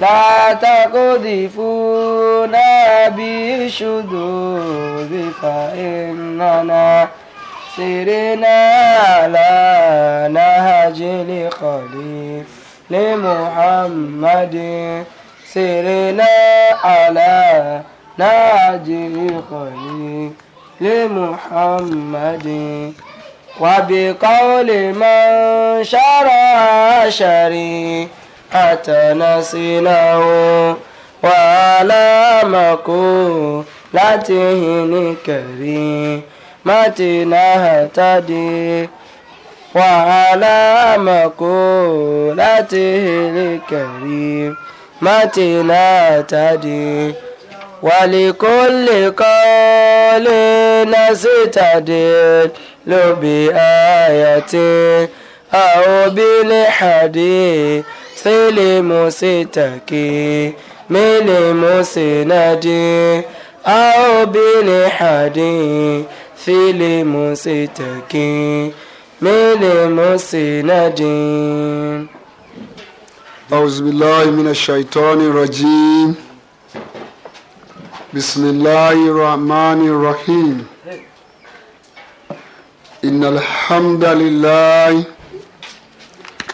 لا تقذفونا بالشذوذ فإننا سرنا على نهج لخليل لمحمد سرنا على نهج لخليل لمحمد وبقول من شرع شريك حتى نسيناه وعلى مقولته لكريمتنا اهتدي وعلى مقولته لكريمتنا اهتدي ولكل قول نستدل بآية أو بالحديث sele mose take mele mose nadi ao bile hadi file mose take mele mose nadi. أعوذ بالله من الشيطان الرجيم بسم الله الرحمن الرحيم إن الحمد لله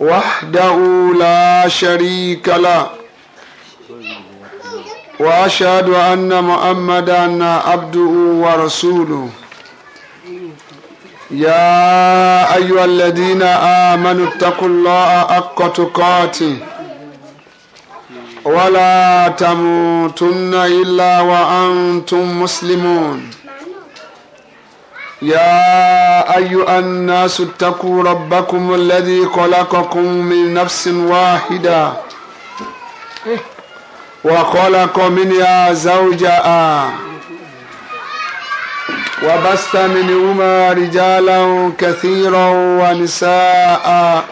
وحده لا شريك له واشهد ان محمدا عبده ورسوله يا ايها الذين امنوا اتقوا الله حق تقاته ولا تموتن الا وانتم مسلمون يا أيها الناس اتقوا ربكم الذي خلقكم من نفس واحدة وخلق منها زوجها وبست منهما رجالا كثيرا ونساء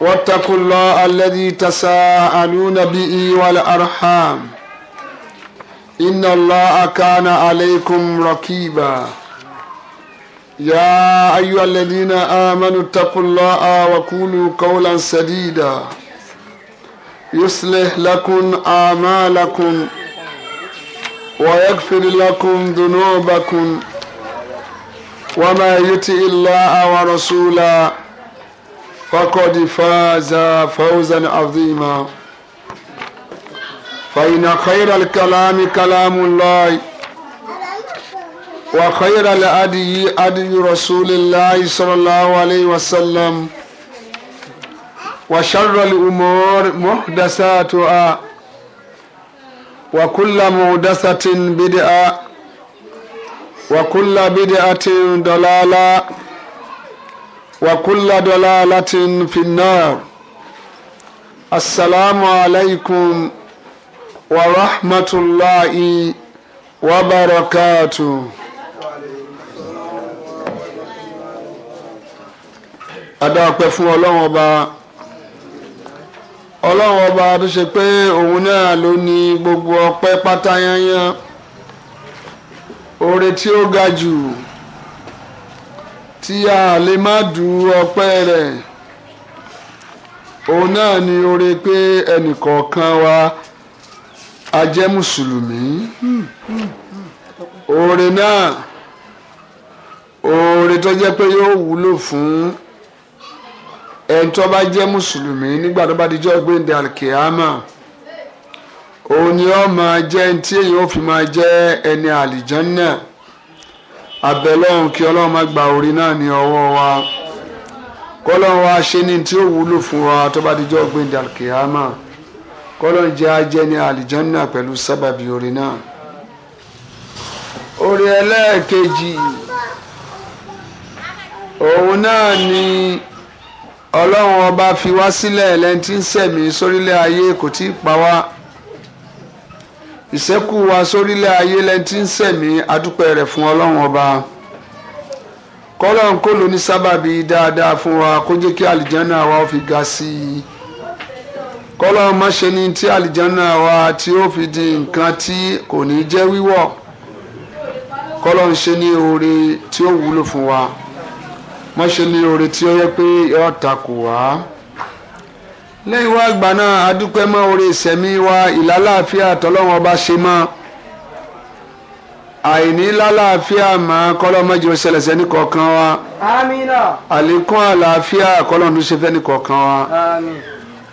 واتقوا الله الذي تساءلون به والأرحام إن الله كان عليكم رقيبا يا أيها الذين آمنوا اتقوا الله وقولوا قولا سديدا يصلح لكم أعمالكم ويغفر لكم ذنوبكم وما يطع الله ورسوله فقد فاز فوزا عظيما فإن خير الكلام كلام الله وخير الأدي أدي رسول الله صلى الله عليه وسلم وشر الأمور محدثاتها وكل محدثة بدعة وكل بدعة ضلالة وكل ضلالة في النار السلام عليكم ورحمة الله وبركاته adáàpẹ́ fún ọlọ́run ọba ọlọ́run ọba tó ṣe pé òun náà ló ní gbogbo ọpẹ́ pátá yányán oore tí ó ga jù tí a lè má du ọpẹ́ rẹ̀ òun náà ni oore pé ẹnìkọ̀ọ̀kan wa a jẹ́ mùsùlùmí oore náà oore tó jẹ́ pé yóò wúlò fún ẹni tó bá jẹ́ mùsùlùmí nígbà tó bá di jọ́ gbẹ̀ndé òun ni ó máa jẹ́ ẹni tí èyí ó fi máa jẹ́ ẹni àlìjánná àbẹ̀lọ́hún kí ọlọ́run má gba orí náà ní ọwọ́ wa kọ́lọ́run wa ṣe ní tí ó wúlò fún wa tó bá di jọ́ gbẹ̀ndé kọ́lọ́n jẹ́ ajẹ́ ní àlìjánná pẹ̀lú sábàbí orin náà orin ẹlẹ́ẹ̀kejì òun náà ni ọlọ́run ọba fi wá sílẹ̀ lẹ́ni tí ń sẹ̀mí sórílẹ̀ ayé kò tí ì pa wá ìṣẹ́kù wa sórílẹ̀ ayé lẹ́ni tí ń sẹ̀mí adúpẹ́ rẹ̀ fún ọlọ́run ọba kọ́lọ́n kó lóní sábàbí dáadáa fún wa kó jẹ́ kí àlìjánná wa fi ga sí i kọ́lọ́ má ṣe ni tí àlìjáná wa tí ó fi di nǹkan tí kò ní jẹ́ wíwọ̀ kọ́lọ́ ń ṣe ní oore tí ó wúlò fún wa má ṣe ní oore tí ó yẹ pé yọ takò wá lẹ́yìn wá gbà náà adúpẹ́ mọ́ oore ìsẹ̀mí wa ìlàláàfíà tọ́lọ́wọ́n ọba ṣe mọ́ àìní lálàáfíà máa kọ́lọ́ mọ́jọ ṣẹlẹ̀ sẹ́ni kọ̀ọ̀kan wa àlékún àlàáfíà kọ́lọ́ ń ṣe fẹ́ni kọ̀ọ̀kan wa. Àmín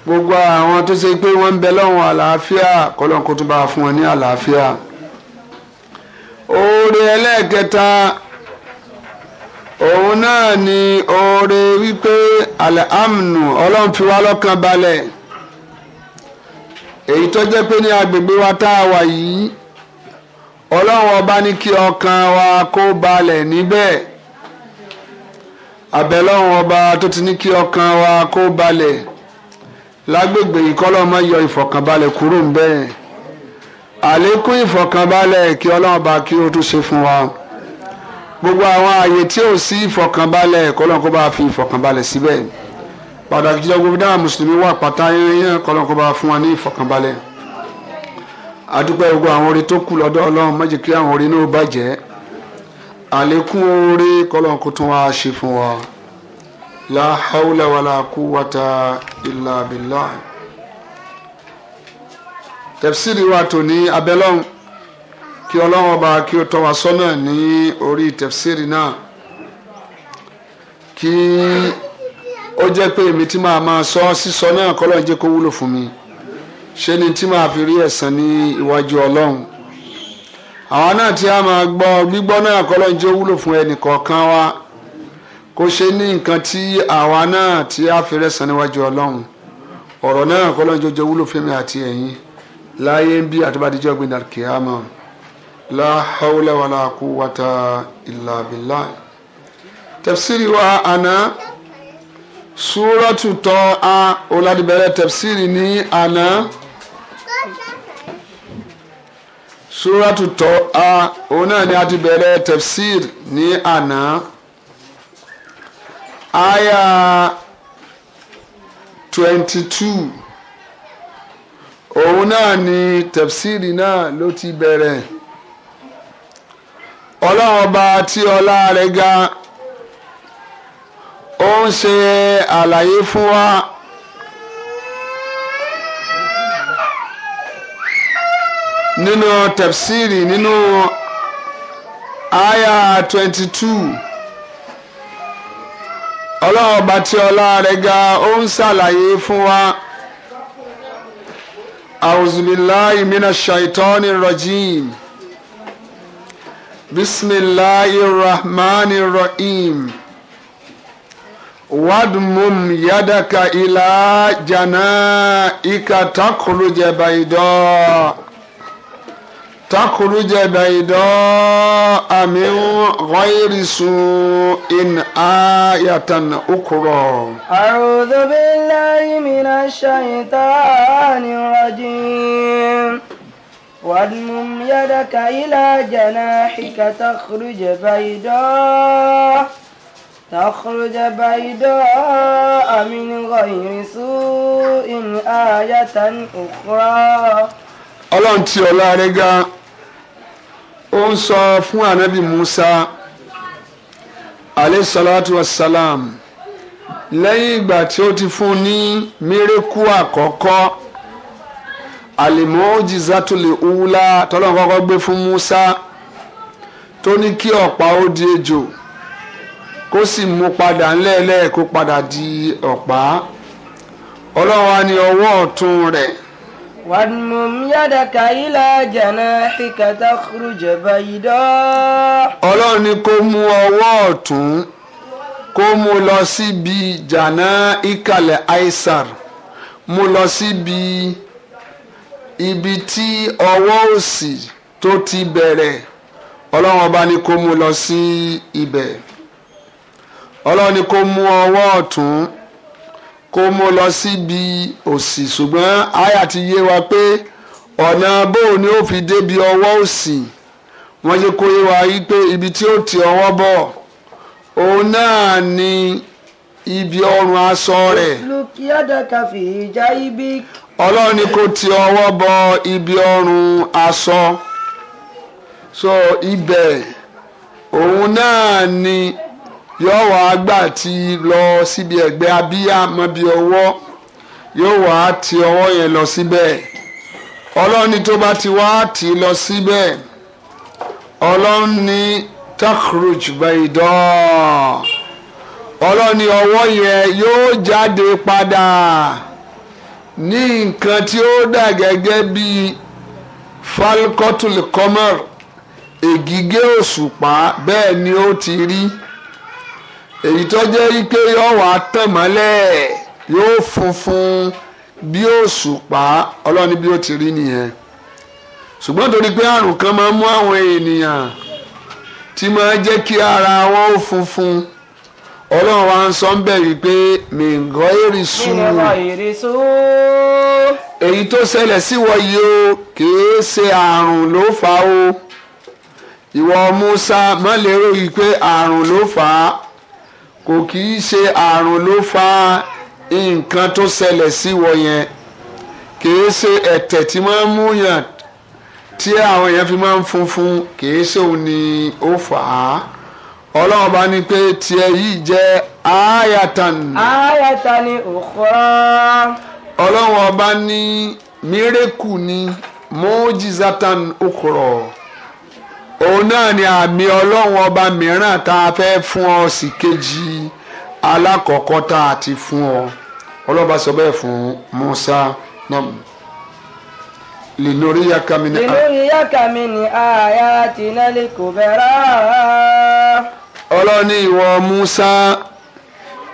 gbogbo àwọn tó ṣe pé wọ́n ń bẹ lọ́wọ́n àlàáfíà kọ́lọ́n kó tún bá fún wọn ní àlàáfíà oore ẹlẹ́ẹ̀kẹta òun náà ni oore wípé alhamdu ọlọ́run fi wá lọ́kàn balẹ̀ èyí tó jẹ́ pé ní agbègbè wa tá a wà yìí ọlọ́run ọba ní kí ọkàn wa kó balẹ̀ níbẹ̀ abẹ́lọ́run ọba tó ti ní kí ọkàn wa kó balẹ̀ lágbègbè ìkọlọ́mọ yọ ìfọ̀kànbalẹ̀ kúrò ń bẹ́ẹ̀ àlékún ìfọ̀kànbalẹ̀ kí ọlọ́run bá kí ó tún ṣe fún wa gbogbo àwọn ààyè tí ò sí ìfọ̀kànbalẹ̀ kọ́lọ́n kó bá fi ìfọ̀kànbalẹ̀ síbẹ̀ pàtàkì jùlọ gbogbo dáhà mùsùlùmí wà pátá yẹn kọ́lọ́n kó bá fún wa ní ìfọ̀kànbalẹ̀ àdúpẹ́ gbogbo àwọn orin tó kù lọ́dọ̀ ọlọ́run má jẹ́ kí àwọn orin náà bàjẹ́ àlékún oore kọ́lọ́n kó tún wá ṣe fún wa. لا حول ولا قوة إلا بالله tẹ̀fsìrì wa tò ní abẹ́lọ́hùn kí ọlọ́run ọba kí ó tọ́ wa sọ́nà ní orí tẹ̀fsìrì náà kí ó jẹ́ pé èmi tí màá máa sọ sísọ náà kọ́lọ́ jẹ́ kó wúlò fún mi ṣé ni tí màá fi rí ẹ̀san ní iwájú ọlọ́run àwọn náà tí a máa gbọ́ gbígbọ́ náà kọ́lọ́ jẹ́ wúlò fún ẹnì kọ̀ọ̀kan wa kó ṣe ní nǹkan tí àwa náà tí a fẹ́rẹ̀ san níwájú ọlọ́run ọ̀rọ̀ náà kọ́lọ́n jọjọ wúlò fẹ́mi àti ẹ̀yin láyé ń bí àtúbàdíjọ́ gbìndà kìámà la hawla wala quwwata illa billah tafsiri wa àná súrọ́tù tọ́ a oládìbẹ̀rẹ̀ tafsiri ní àná súrọ́tù tọ́ a òun náà ni a ti bẹ̀rẹ̀ tafsiri ní àná aya twenty two òun náà ni tafsiri náà ló ti bẹ̀rẹ̀ ọlọ́run ọba tí ọlá rẹ̀ ga ó ń ṣe àlàyé fún wa. nínú tafsiri nínú aya twenty two ọlọ́run ọba tí ọlá rẹ̀ ga ó ń ṣàlàyé fún wa auzubillahi minash shaitani rajim bisimilahi rahmani rahim wadmum yadaka ila jana ika takhruj bayda. تخرج بيضاء من غير سوء آية أخرى أعوذ بالله من الشيطان الرجيم واضمم يدك إلى جناحك تخرج بيضاء تخرج بيضاء من غير سوء آية أخرى ọlọ́run tí ọlá rẹ̀ gan-an ó ń sọ fún anabi Musa alayhi salatu wa salam lẹ́yìn ìgbà tí ó ti fún ní mérekú àkọ́kọ́ alimojizatuli uwula tọ́lọ́n kọ́kọ́ gbé fún Musa tó ní kí ọ̀pá ó di ejò kó sì mú padà ńlẹ́ẹ̀lẹ́ padà di ọ̀pá ọlọ́run á ọwọ́ ọ̀tún rẹ̀ واضمم يدك إلى جناحك تخرج بيضاء ọlọ́run ni kó mú ọwọ́ ọ̀tún kó mú lọ síbi jàná ìkàlẹ̀ aisar mú lọ síbi ibi tí ọwọ́ òsì tó ti bẹ̀rẹ̀ ọlọ́run ọba ni kó mú lọ sí ibẹ̀ ọlọ́run ni kó mú ọwọ́ ọ̀tún kó mú lọ síbi òsì ṣùgbọ́n àyà ti yé wa pé ọ̀nà bóun ni ó fi débi ọwọ́ òsì wọ́n jẹ́ kó yé wa yí pé ibi tí ó ti ọwọ́ bọ̀ òun náà ni ibi ọrùn aṣọ rẹ̀. ọlọ́run ni kò ti ọwọ́ bọ ibi ọrùn aṣọ so ibẹ̀ òun náà ni yóò wá gbà tí lọ síbi ẹ̀gbẹ́ abíyá mọ́bi ọwọ́ yóò wá ti ọwọ́ yẹn lọ síbẹ̀ ọlọ́ni tó bá ti wá tì lọ síbẹ̀ ọlọ́ni takhruj bayda ọlọ́ni ọwọ́ yẹn yóò jáde padà ní nǹkan tí ó dà gẹ́gẹ́ bí falcotul comer ègìgé òṣùpá bẹ́ẹ̀ ni ó ti rí. E èyí tó jẹ́ ike yóò wá tàn mọ́lẹ̀ yóò funfun bí òṣùpá ọlọ́ni bí ó ti rí nìyẹn ṣùgbọ́n torí pé àrùn kan máa ń mú àwọn ènìyàn tí máa jẹ́ kí ara wọn ó funfun ọlọ́run wa ń sọ ń bẹ̀ wípé mìǹgọ́ èrì sùn èyí tó ṣẹlẹ̀ sí wọ yìí o kìí ṣe àrùn ló fà o ìwọ Musa má lérò wípé àrùn ló fà á kò kì í ṣe àrùn ló fa nǹkan tó ṣẹlẹ̀ sí wọ yẹn kì í ṣe ẹ̀tẹ̀ tí máa ń mú yàn tí àwọn èèyàn fi máa ń funfun kì í ṣe òun ni ó fà á ọlọ́run bá ní pé tiẹ̀ yìí jẹ́ ayatan. ayatan ukhra. ọlọ́run ọba ní mírèkù ni mojizatan ukhra òun náà ni àmì ọlọ́run ọba mìíràn tá a fẹ́ fún ọ sí kejì alákọ̀ọ́kọ́ tá a ti fún ọ ọlọ́ba sọ bẹ́ẹ̀ fún Musa náà lìlórí yàkà mi ni a. lìlórí yàkà mi ni àyà tí nálẹ̀ kò bẹ̀rẹ̀. ọlọ́ni ìwọ Musa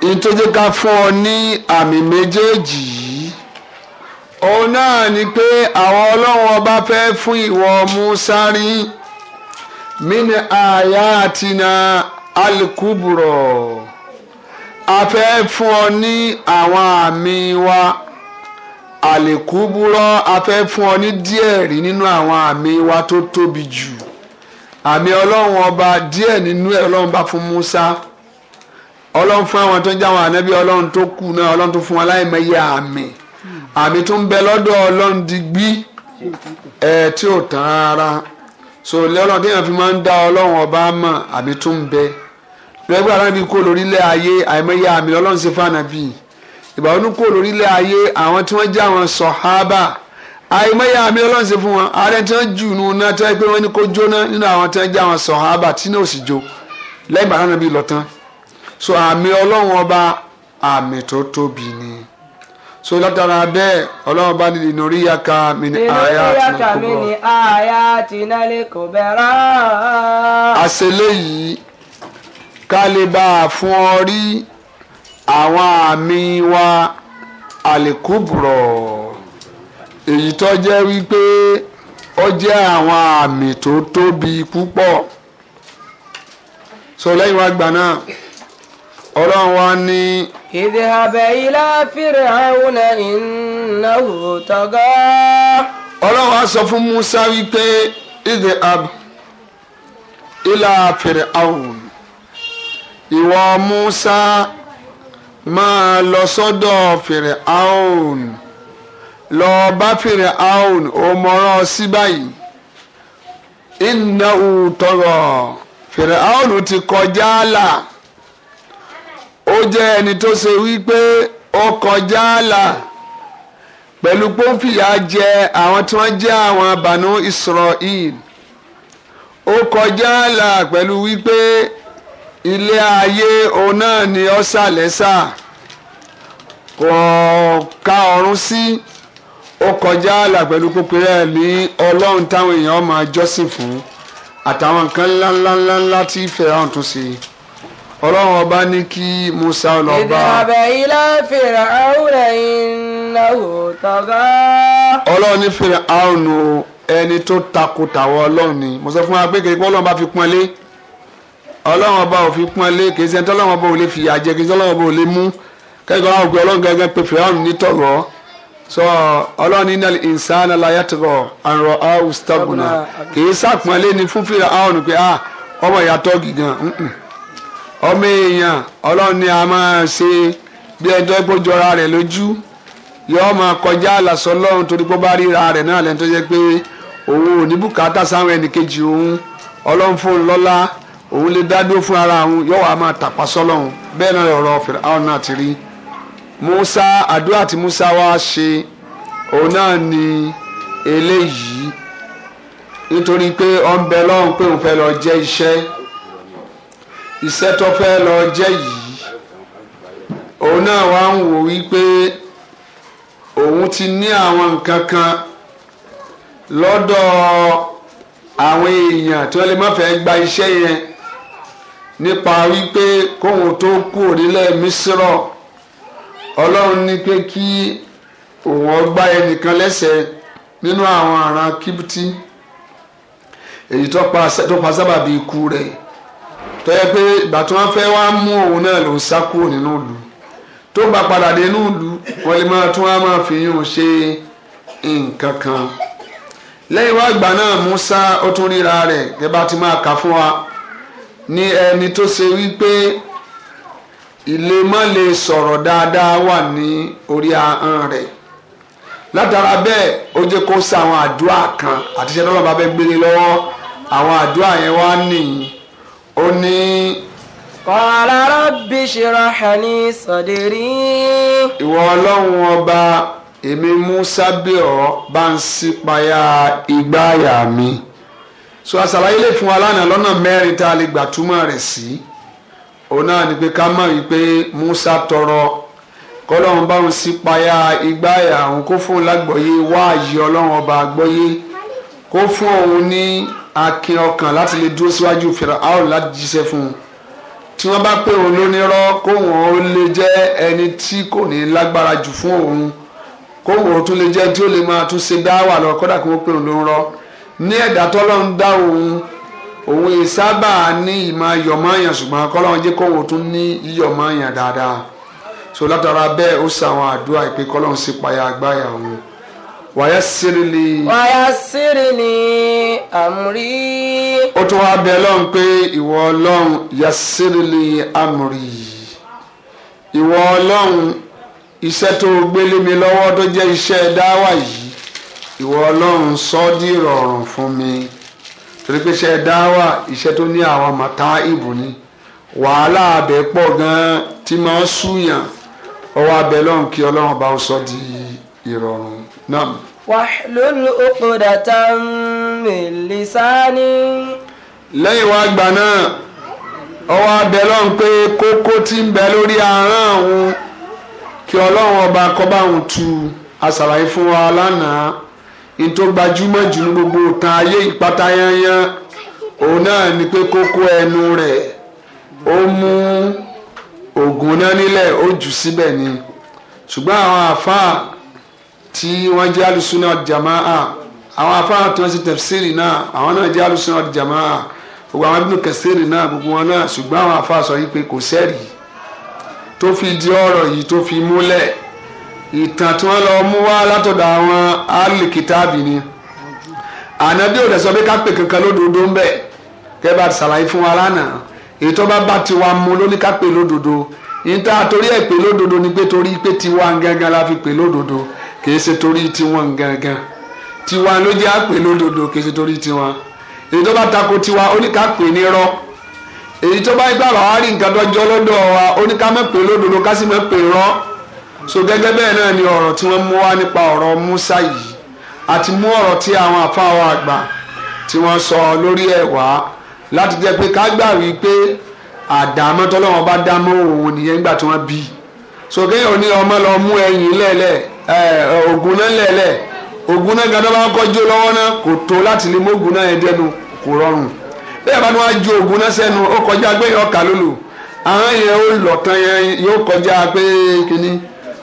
ìtọ́jú fún ọ ní àmì méjèèjì yìí òun náà ni pé àwọn ọlọ́run ọba fẹ́ fún ìwọ Musa rí mini ayatina alikuburo a fẹ́ fún ọ ní àwọn àmì wa àlékúbúrọ́ a fẹ́ fún ọ ní díẹ̀ rí nínú àwọn àmì wa tó tóbi jù àmì ọlọ́run ọba díẹ̀ nínú ẹ̀ ọlọ́run bá fún Musa ọlọ́run fún àwọn tó ń jáwọn ànábì ọlọ́run tó kù náà ọlọ́run tó fún wọn láìmọye àmì àmì tó ń bẹ lọ́dọ̀ ọlọ́run digbí ẹ̀ tí ò tán rárá so lọ́nà tí èèyàn fi máa ń dá ọlọ́run ọba mọ̀ àmì tún ń bẹ lọ́gbà alábi kó lórílẹ̀ ayé àìmọye àmì ọlọ́run ṣe fànàbí ìgbà wọn kó lórílẹ̀ ayé àwọn tí wọ́n já wọn sàhábà àìmọye àmì ọlọ́run ṣe fún wọn ààrẹ tí wọ́n jù nù náà tí wọ́n pé wọ́n ní kó jóná nínú àwọn tí wọ́n já wọn sàhábà tí náà sì jó lẹ́yìn bàtà náà lọ tán so àmì ọlọ́run ọba àmì tó tóbi ni so látara bẹ́ẹ̀ ọlọ́run bá ní linuriyaka min ayatina al-kubra. àṣẹlẹ yìí ká lè bá a fún ọ rí àwọn àmì wa àlékúbùrọ̀ èyí tó jẹ́ wípé ó jẹ́ àwọn àmì tó tóbi púpọ̀ so lẹ́yìn wá gbà náà ọlọ́run wa ní. اذهب إلى فرعون إنه طغى. ọlọ́run á sọ fún Musa wípé idhab ila fir'aun ìwọ Musa máa lọ sọ́dọ̀ fir'aun lọ bá fir'aun òmòràn sí báyìí innahu tagha fir'aun ti kọjá là ó jẹ́ ẹni tó ṣe wípé ó kọjá àlà pẹ̀lú pọ́ńfìyà jẹ àwọn tí wọ́n jẹ́ àwọn Banu Israel ó kọjá àlà pẹ̀lú wípé ilé ayé òun náà ni ó sàlẹ́sà kò ka ọ̀run sí ó kọjá àlà pẹ̀lú pípẹ́rẹ́ ní ọlọ́run táwọn èèyàn máa jọ́sìn fún àtàwọn nǹkan ńláńláńlá tí fẹ́ràn tún sí ọlọ́run ọba ní kí musa lọ bá. ìdàbẹ̀ ilá fèrè àwùrẹ̀ iná wò tọ́gá. ọlọ́run ní fèrè àrùn ẹni tó takò tàwọn ọlọ́run ni mo sọ fún wa pé kékeré ọlọ́run bá fi pọ́n lé ọlọ́run ọba ò fi pọ́n lé kì í ṣe tọ́lọ́run ọba ò lè fìyà jẹ kì í ṣe ọlọ́run ọba ò lè mú kẹ́kọ̀ọ́ àwọn òkè ọlọ́run gẹ́gẹ́ pé fèrè àrùn ní sọ ọlọ́run ní nàlẹ́ ìsàn aláyàtọ̀ àrùn àwùsítàbùnà kì í sàpọ́nlé ni fún fèrè àrùn pé ah, ọmọ ìyàtọ̀ gígan ọmọ èèyàn ọlọ́run ni a máa ṣe bí ẹjọ́ ipò jọra rẹ̀ lójú yọọ máa kọjá àlàsọ ọlọ́run torí pé ó bá ríra rẹ̀ náà lẹ́nu tó jẹ́ pé òun ò ní bùkátà sáwọn ẹnìkejì òun ọlọ́run fóun lọ́lá òun lè dá fún ara òun yọọ wàá máa tàpá sọ́lọ́run bẹ́ẹ̀ náà ọ̀rọ̀ Fáráò náà ti rí Musa àdúrà tí Musa wá ṣe òun náà ni eléyìí nítorí pé ọ̀nbẹ lọ́hùn pé òun fẹ́ lọ jẹ́ iṣẹ́ iṣẹ́ tó fẹ́ lọ jẹ́ yìí òun náà wá ń wò wípé òun ti ní àwọn nǹkan kan lọ́dọ̀ àwọn èèyàn tó lè má fẹ́ gba iṣẹ́ yẹn nípa wípé kóhun tó kú òrílẹ̀ mísírọ̀ ọlọ́run ní pé kí òun ọgbà ẹnìkan lẹ́sẹ̀ nínú àwọn àràn kíbítì èyí tó pa sábàbí ikú rẹ̀ tó yẹ pé ìgbà tí wọ́n fẹ́ wá mú òun náà ló sá kúrò nínú ìlú tó bá padà dé inú ìlú wọ́n lè máa tún wá máa fi yún un ṣe nǹkan kan lẹ́yìn wá ìgbà náà Musa ó tún ríra rẹ̀ gẹ́gẹ́ bá ti máa kà fún wa ní ẹni tó ṣe wípé ìlémọ́ lè sọ̀rọ̀ dáadáa wà ní orí ahọ́n rẹ̀ látara bẹ́ẹ̀ ó jẹ́ kó sa àwọn àdúrà kan àti tó lọ́ba bẹ́ẹ̀ gbélé lọ́wọ́ àwọn àdúrà yẹn wá nìyí ó ní. Qala rabbi shrah li sadri. ìwọ ọlọ́run ọba èmi Musa bí ọ bá ń sípayá igbá àyà mi so àṣàlàyé lè fún wa lánàá lọ́nà mẹ́rin tá a lè gbà túmọ̀ rẹ̀ sí òun náà ni pé ká mọ̀ wípé Musa tọrọ kọlọ́run bá ń sípayá igbá àyà òun kó fún un lágbọ́yé wáàyè ọlọ́run ọba àgbọ́yé kó fún òun ní. Ni akin ọkàn láti lè dúró síwájú Fáráò láti jíṣẹ́ fún un tí wọ́n bá pé òun lónírọ́ kóun ó lè jẹ́ ẹni tí kò ní lágbára jù fún òun kóun ó tún lè jẹ́ tí ó lè máa tún ṣe dáwà lọ kódà kí wọ́n pé òun lónírọ́ ní ẹ̀dá tọ́lọ́run dá òun òun ìsábà ní ìmọ̀ yọ̀mọ́yàn ṣùgbọ́n kọ́lọ́run jẹ́ kóun tún ní yọ̀mọ́yàn dáadáa so látara bẹ́ẹ̀ ó ṣàwọn àdúrà ìpè kọ́lọ́run ṣe payà àgbáyà òun wàyásírìlì. wàyásírìlì àmúrí. ó tún wá bẹ ọlọ́run pé ìwọ ọlọ́run yásírìlì àmúrí. ìwọ ọlọ́run iṣẹ́ tó gbélé mi lọ́wọ́ tó jẹ́ iṣẹ́ dáwà yìí ìwọ ọlọ́run sọ ọ́ di ìrọ̀rùn fún mi torí pé iṣẹ́ dáwà iṣẹ́ tó ní àwọn màtá ìbò ni wàhálà abẹ pọ̀ gan-an tí máa ń súyàn ọwọ́ abẹ lọ́run kí ọlọ́run bá ọ sọ di ìrọ̀rùn. نعم واحلل عقدة من لساني lẹ́yìn wá gbà náà ọwọ́ abẹ lọ́n pé kókó tí ń bẹ lórí ahọ́n àwọn kí ọlọ́run ọba kọ́bá àwọn tu àṣàlàyé fún wa lánàá ní tó gbajúmọ̀ jù ní gbogbo tán ayé ìpátá yányán òun náà ni pé tí wọ́n jẹ́ alùsùnà jàmáà àwọn afáà tí wọ́n ṣe tẹ̀síìrì náà àwọn náà jẹ́ alùsùnà jàmáà gbogbo àwọn ibùdó kẹsìrì náà gbogbo wọn náà ṣùgbọ́n àwọn afáà sọ yìí pé kò sẹ́rì tó fi di ọ̀rọ̀ yìí tó fi múlẹ̀ ìtàn tí wọ́n lọ mú wá látọ̀dọ̀ àwọn alìkítàbì ni ànábì òde sọ pé ká pè kankan lódodo ń bẹ̀ kẹ́ bá ṣàlàyé fún wa lánàá ètò bá bá tiwa mu ló ní ká pè lódodo níta torí ẹ̀ pè lódodo ni pé torí pé tiwa gangan la fi pè lódodo kìí ṣe torí tiwọn gangan tiwa ló jẹ́ àpè lódodo kìí ṣe torí tiwa èyí tó bá tako tiwa ó ní ká pè ní rọ èyí tó bá gbà wá wá rí nǹkan dọ́jọ́ lọ́dọ̀ wa ó ní pè lódodo ká sì pè rọ so gẹ́gẹ́ bẹ́ẹ̀ náà ni ọ̀rọ̀ tí wọ́n mú wá nípa ọ̀rọ̀ Musa yìí àti mú ọ̀rọ̀ tí àwọn àfáwọn àgbà tí wọ́n sọ lórí ẹ̀ wá láti jẹ́ pé ká gbà wí pé àdámọ́ tọ́lọ́wọ́n bá dámọ́ òun nìyẹn nígbà tí wọ́n bí so kéèyàn ní ọmọ lọ mú ẹyìn lẹ́lẹ́ẹ̀ ògùn eh, eh, náà lẹ̀lẹ̀ ògùn náà gan-an bá kọjú lọ́wọ́ náà kò tó láti lè mú ògùn náà yẹn dẹnu kò rọrùn bẹ́ẹ̀ bá ní ju náà sẹ́nu ó kọjá gbé ọkà lólu àwọn yẹn ó lọ tán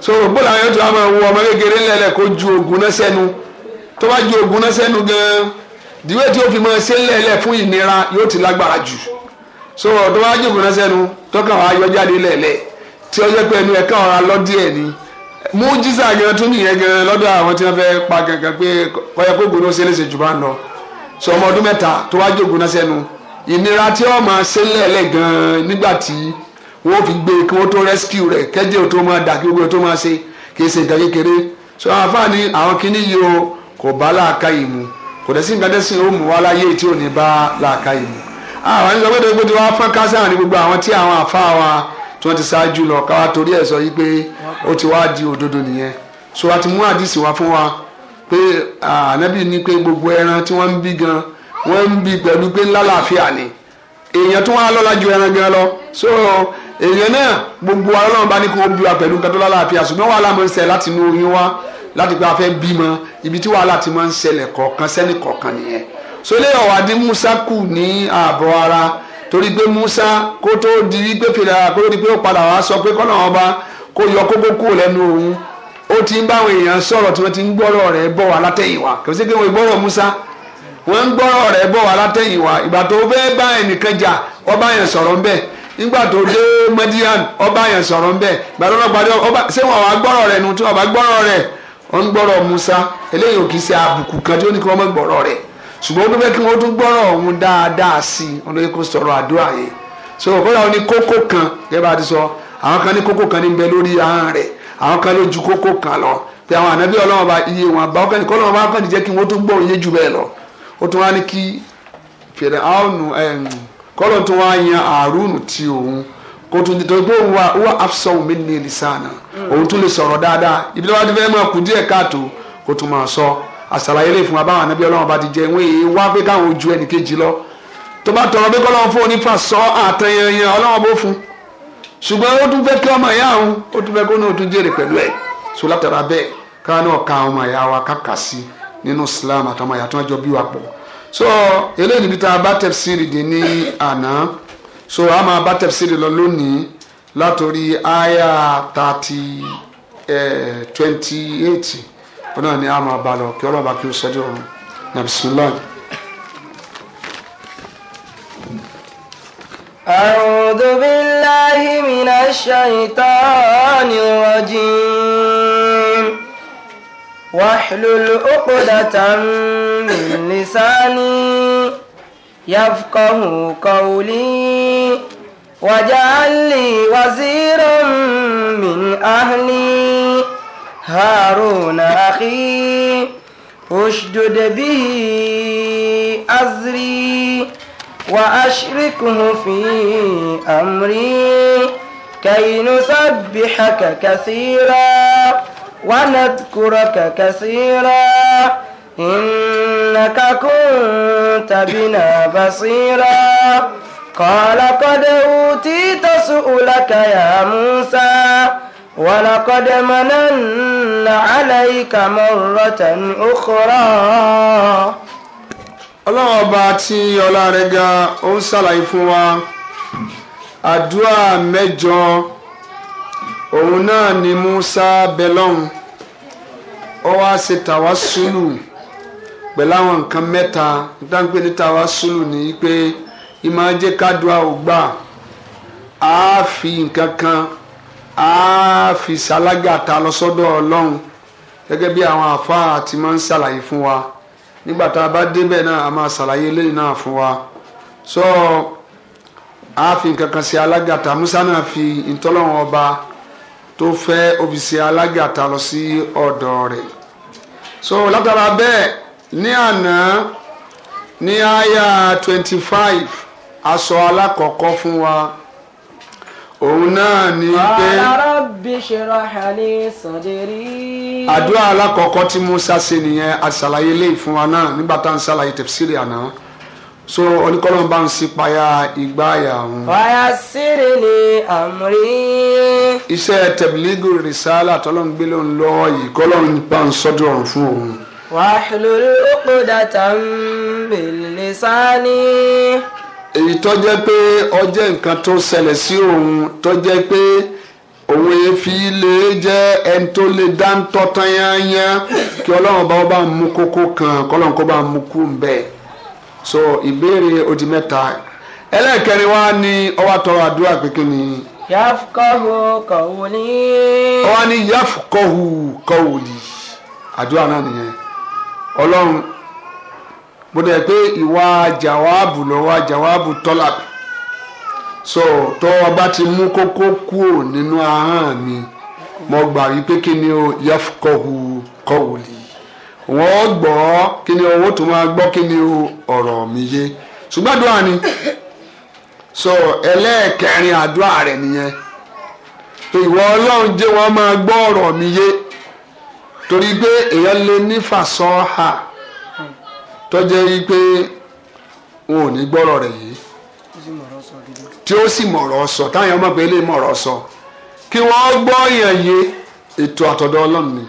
so ọmọ kékeré kó ju ògùn náà sẹ́nu tó bá ju náà sẹ́nu gan-an tí fún ìnira yóò ti lágbára jù so tó bá náà sẹ́nu wá tí mújísà gan tún nìyẹn gan lọ́dọ̀ àwọn tí wọ́n fẹ́ pa gangan pé kọ́yẹ pé gbóná ṣe léṣe jù bá ń lọ sọ ọmọ ọdún mẹ́ta tó wá jògbó náà sẹ́nu ìnira tí wọ́n máa ṣe lẹ́ẹ̀lẹ́ gan nígbà tí wọ́n fi gbé kí wọ́n tó rescue rẹ̀ kẹ́jẹ́ tó máa dà kí gbogbo tó máa ṣe kì í ṣe nǹkan kékeré sọ àwọn afáàní àwọn kìíní yìí o kò bá láàka yìí mu kò dẹ̀ sí nǹkan tẹ́sìn ó mú wá láyé tí ò ní bá láàka yìí mu àwọn ìsọgbẹ́dẹ́gbẹ́dẹ́ wá fọ́n kásán ní gbogbo àwọn tí àwọn àfáà wa tí wọ́n ti ṣáájú lọ káwá torí ẹ̀ sọ yìí pé ó ti wá di òdodo nìyẹn so a ti mú àdìsí wá fún wa pé ànábì ní pé gbogbo ẹran tí wọ́n ń bí gan wọ́n ń bí pẹ̀lú pé lálàáfíà ni èèyàn tó wá lọ́la ju ẹran gan lọ so èèyàn náà gbogbo ọlọ́run bá ní kó bí wa pẹ̀lú nǹkan tó lálàáfíà ṣùgbọ́n wàhálà máa ń ṣẹlẹ̀ láti inú oyún wa láti pé a fẹ́ bímọ ibi tí wàhálà ti máa ń ṣẹlẹ̀ kọ̀ọ̀kan sẹ́ni kọ̀ọ̀kan nìyẹn so eléyàwó adé musa kù ní ààbọ̀ ara torí pé Musa kó tó di pé fìlà kó tó di pé ó padà wá sọ pé kọ́nà ọba kó yọ kókó kúrò lẹ́nu òun ó ti ń bá àwọn èèyàn sọ̀rọ̀ tí wọ́n ti ń gbọ́rọ̀ rẹ̀ bọ̀ wá látẹ̀yìnwá kò sí pé wọ́n gbọ́rọ̀ Musa wọ́n ń gbọ́rọ̀ rẹ̀ bọ̀ wá látẹ̀yìnwá ìgbà tó fẹ́ bá ẹnìkan jà ọba yẹn sọ̀rọ̀ ń bẹ̀ nígbà tó dé Madian ọba yẹn sọ̀rọ̀ ń bẹ̀ ìgbà tó lọ́pàá ọba ṣé wọn wá Musa eléyìí ò kì í ṣe àbùkù kan tí ó gbọ́rọ̀ rẹ̀ ṣùgbọ́n ó dúpẹ́ kí wọ́n tún gbọ́rọ̀ ọ̀hún dáadáa sí i sọ̀rọ̀ àdúrà yẹn so bóyá o ní kókó kan gẹ́gẹ́ bá a ti sọ àwọn kan ní kókó kan ní bẹ lórí ahọ́n rẹ̀ àwọn kan ló ju kókó kan lọ pé àwọn ànábì ọlọ́wọ́n bá iye wọn bá ọkàn ní kọ́lọ́wọ́n bá kàn jẹ́ kí wọ́n tún gbọ́ òye jù bẹ́ẹ̀ lọ ó tún wá ní kí fèrè àánú kọ́lọ́ tún mm. ibi tí wọ́n ti fẹ́ máa kú díẹ̀ àṣàlàyé lè fún wa báwọn anábì ọlọ́run bá ti jẹ ìwé yìí wá pé káwọn ojú ẹnì kejì lọ tó bá tọrọ pé kọ́lọ́run fún onífà sọ àtẹyẹyẹ ọlọ́run bó fún ṣùgbọ́n ó tún fẹ́ kí ọmọ ìyá òun ó tún fẹ́ kó náà tún jèrè pẹ̀lú ẹ̀ so látara bẹ́ẹ̀ káwọn náà ka ọmọ ìyá wa kàkà sí nínú Islam àtàwọn ìyá tó ń jọ bí wa pọ̀ so eléyìí níbi tá a bá tẹ̀síìrì dé ní àná so a máa bá tẹ̀síìrì lọ lónìí látòrí àyà thirty eh, twenty eight náà ni a máa bá lọ kí ọlọ́ba kí ó sọ́jú ọ̀run na bisimilah. أعوذ بالله من الشيطان الرجيم واحلل عقدة من لساني يفقه قولي واجعل لي وزيرا من أهلي هارون أخي اشدد به أزري وأشركه في أمري كي نسبحك كثيرا ونذكرك كثيرا إنك كنت بنا بصيرا قال قد أوتيت سؤلك يا موسى ولقد مننا عليك مرة أخرى ọlọ́run ọba tí ọlá rẹ̀ ga ó ń ṣàlàyé fún wa àdúrà mẹ́jọ òun náà ni Musa belong ó wá ṣe tàwa sùlù pẹ̀lú àwọn nǹkan mẹ́ta dáńpé ní tàwa sùlù ní pé ìmọ̀ ajé kádùá ò gbà á fi nǹkan kan a fi ṣalágàta lọ sọ́dọ̀ ọlọ́run bi bí àwọn àfáà ti máa ń ṣàlàyé fún wa nígbà tá a bá débẹ̀ náà a máa ṣàlàyé eléyìí náà fún wa so a fi nǹkan kan ṣe musa náà fi ìtọ́lọ́wọ́n ọba tó fẹ́ òbí ṣe alágàta lọ sí ọ̀dọ̀ rẹ̀ so látara bẹ́ẹ̀ ní àná ní àyà twenty five aṣọ alákọ̀ọ́kọ́ fún wa. òun náà ni pé. Rabbi shrah li sadri. àdúrà alákọ̀ọ́kọ́ tí Musa ṣe nìyẹn àṣàlàyé léyìí fún wa náà nígbà tá à ń ṣàlàyé tafsiri àná so oníkọ́lọ́n bá ń ṣí payá igbá àyà òun. wáyà sírí ni àmúrí. iṣẹ́ tẹ̀bílígù rìsálà tọ́lọ́n gbé ló ń lọ yìí kọ́lọ́n bá ń sọ́dọ̀ ọ̀run fún òun. wahlul uqdatan min lisani èyí tó jẹ́ pé ó jẹ́ nǹkan tó ṣẹlẹ̀ sí òun tó jẹ́ pé òun èéfì lè jẹ́ ẹni tó lè dá ń tọ́tán yányán kí ọlọ́run bá bá mú kókó kan kọ́lọ́run kó bá mú kú bẹ́ẹ̀ so ìbéèrè odi mẹ́ta ẹlẹ́ẹ̀kẹrin wá ní ọwọ́ àtọrọ àdúrà pínpín ni. yafukohu kọ̀wùlì. ọwọ́ ní yafukohu kọ̀wùlì àdúrà náà nìyẹn ọlọ́run bó dẹ̀ pé ìwà jàwáàbù lọ́wọ́ jàwáàbù tọ́làbì so tó o bá ti mú kókó kúrò nínú ahọ́n mi mo gbà wípé kí ni o yafqahu qawli wọ́n gbọ́ kí ni owó tó máa gbọ́ kí ni o ọ̀rọ̀ mi yé ṣùgbọ́n àdúrà ni so ẹlẹ́ẹ̀kẹrin àdúrà rẹ̀ nìyẹn ìwọ ọlọ́run jẹ́ wọ́n máa gbọ́ ọ̀rọ̀ mi yé torí pé èèyàn lè ní fàṣọ́ hà. tọ́jẹ́ yí pé wọn ò ní gbọ́rọ̀ rẹ̀ yìí tí ó sì mọ̀rọ̀ sọ táwọn ọmọ pé lè mọ̀rọ̀ sọ kí wọ́n gbọ́ yàn yé ètò àtọ̀dọ̀ ọlọ́run ni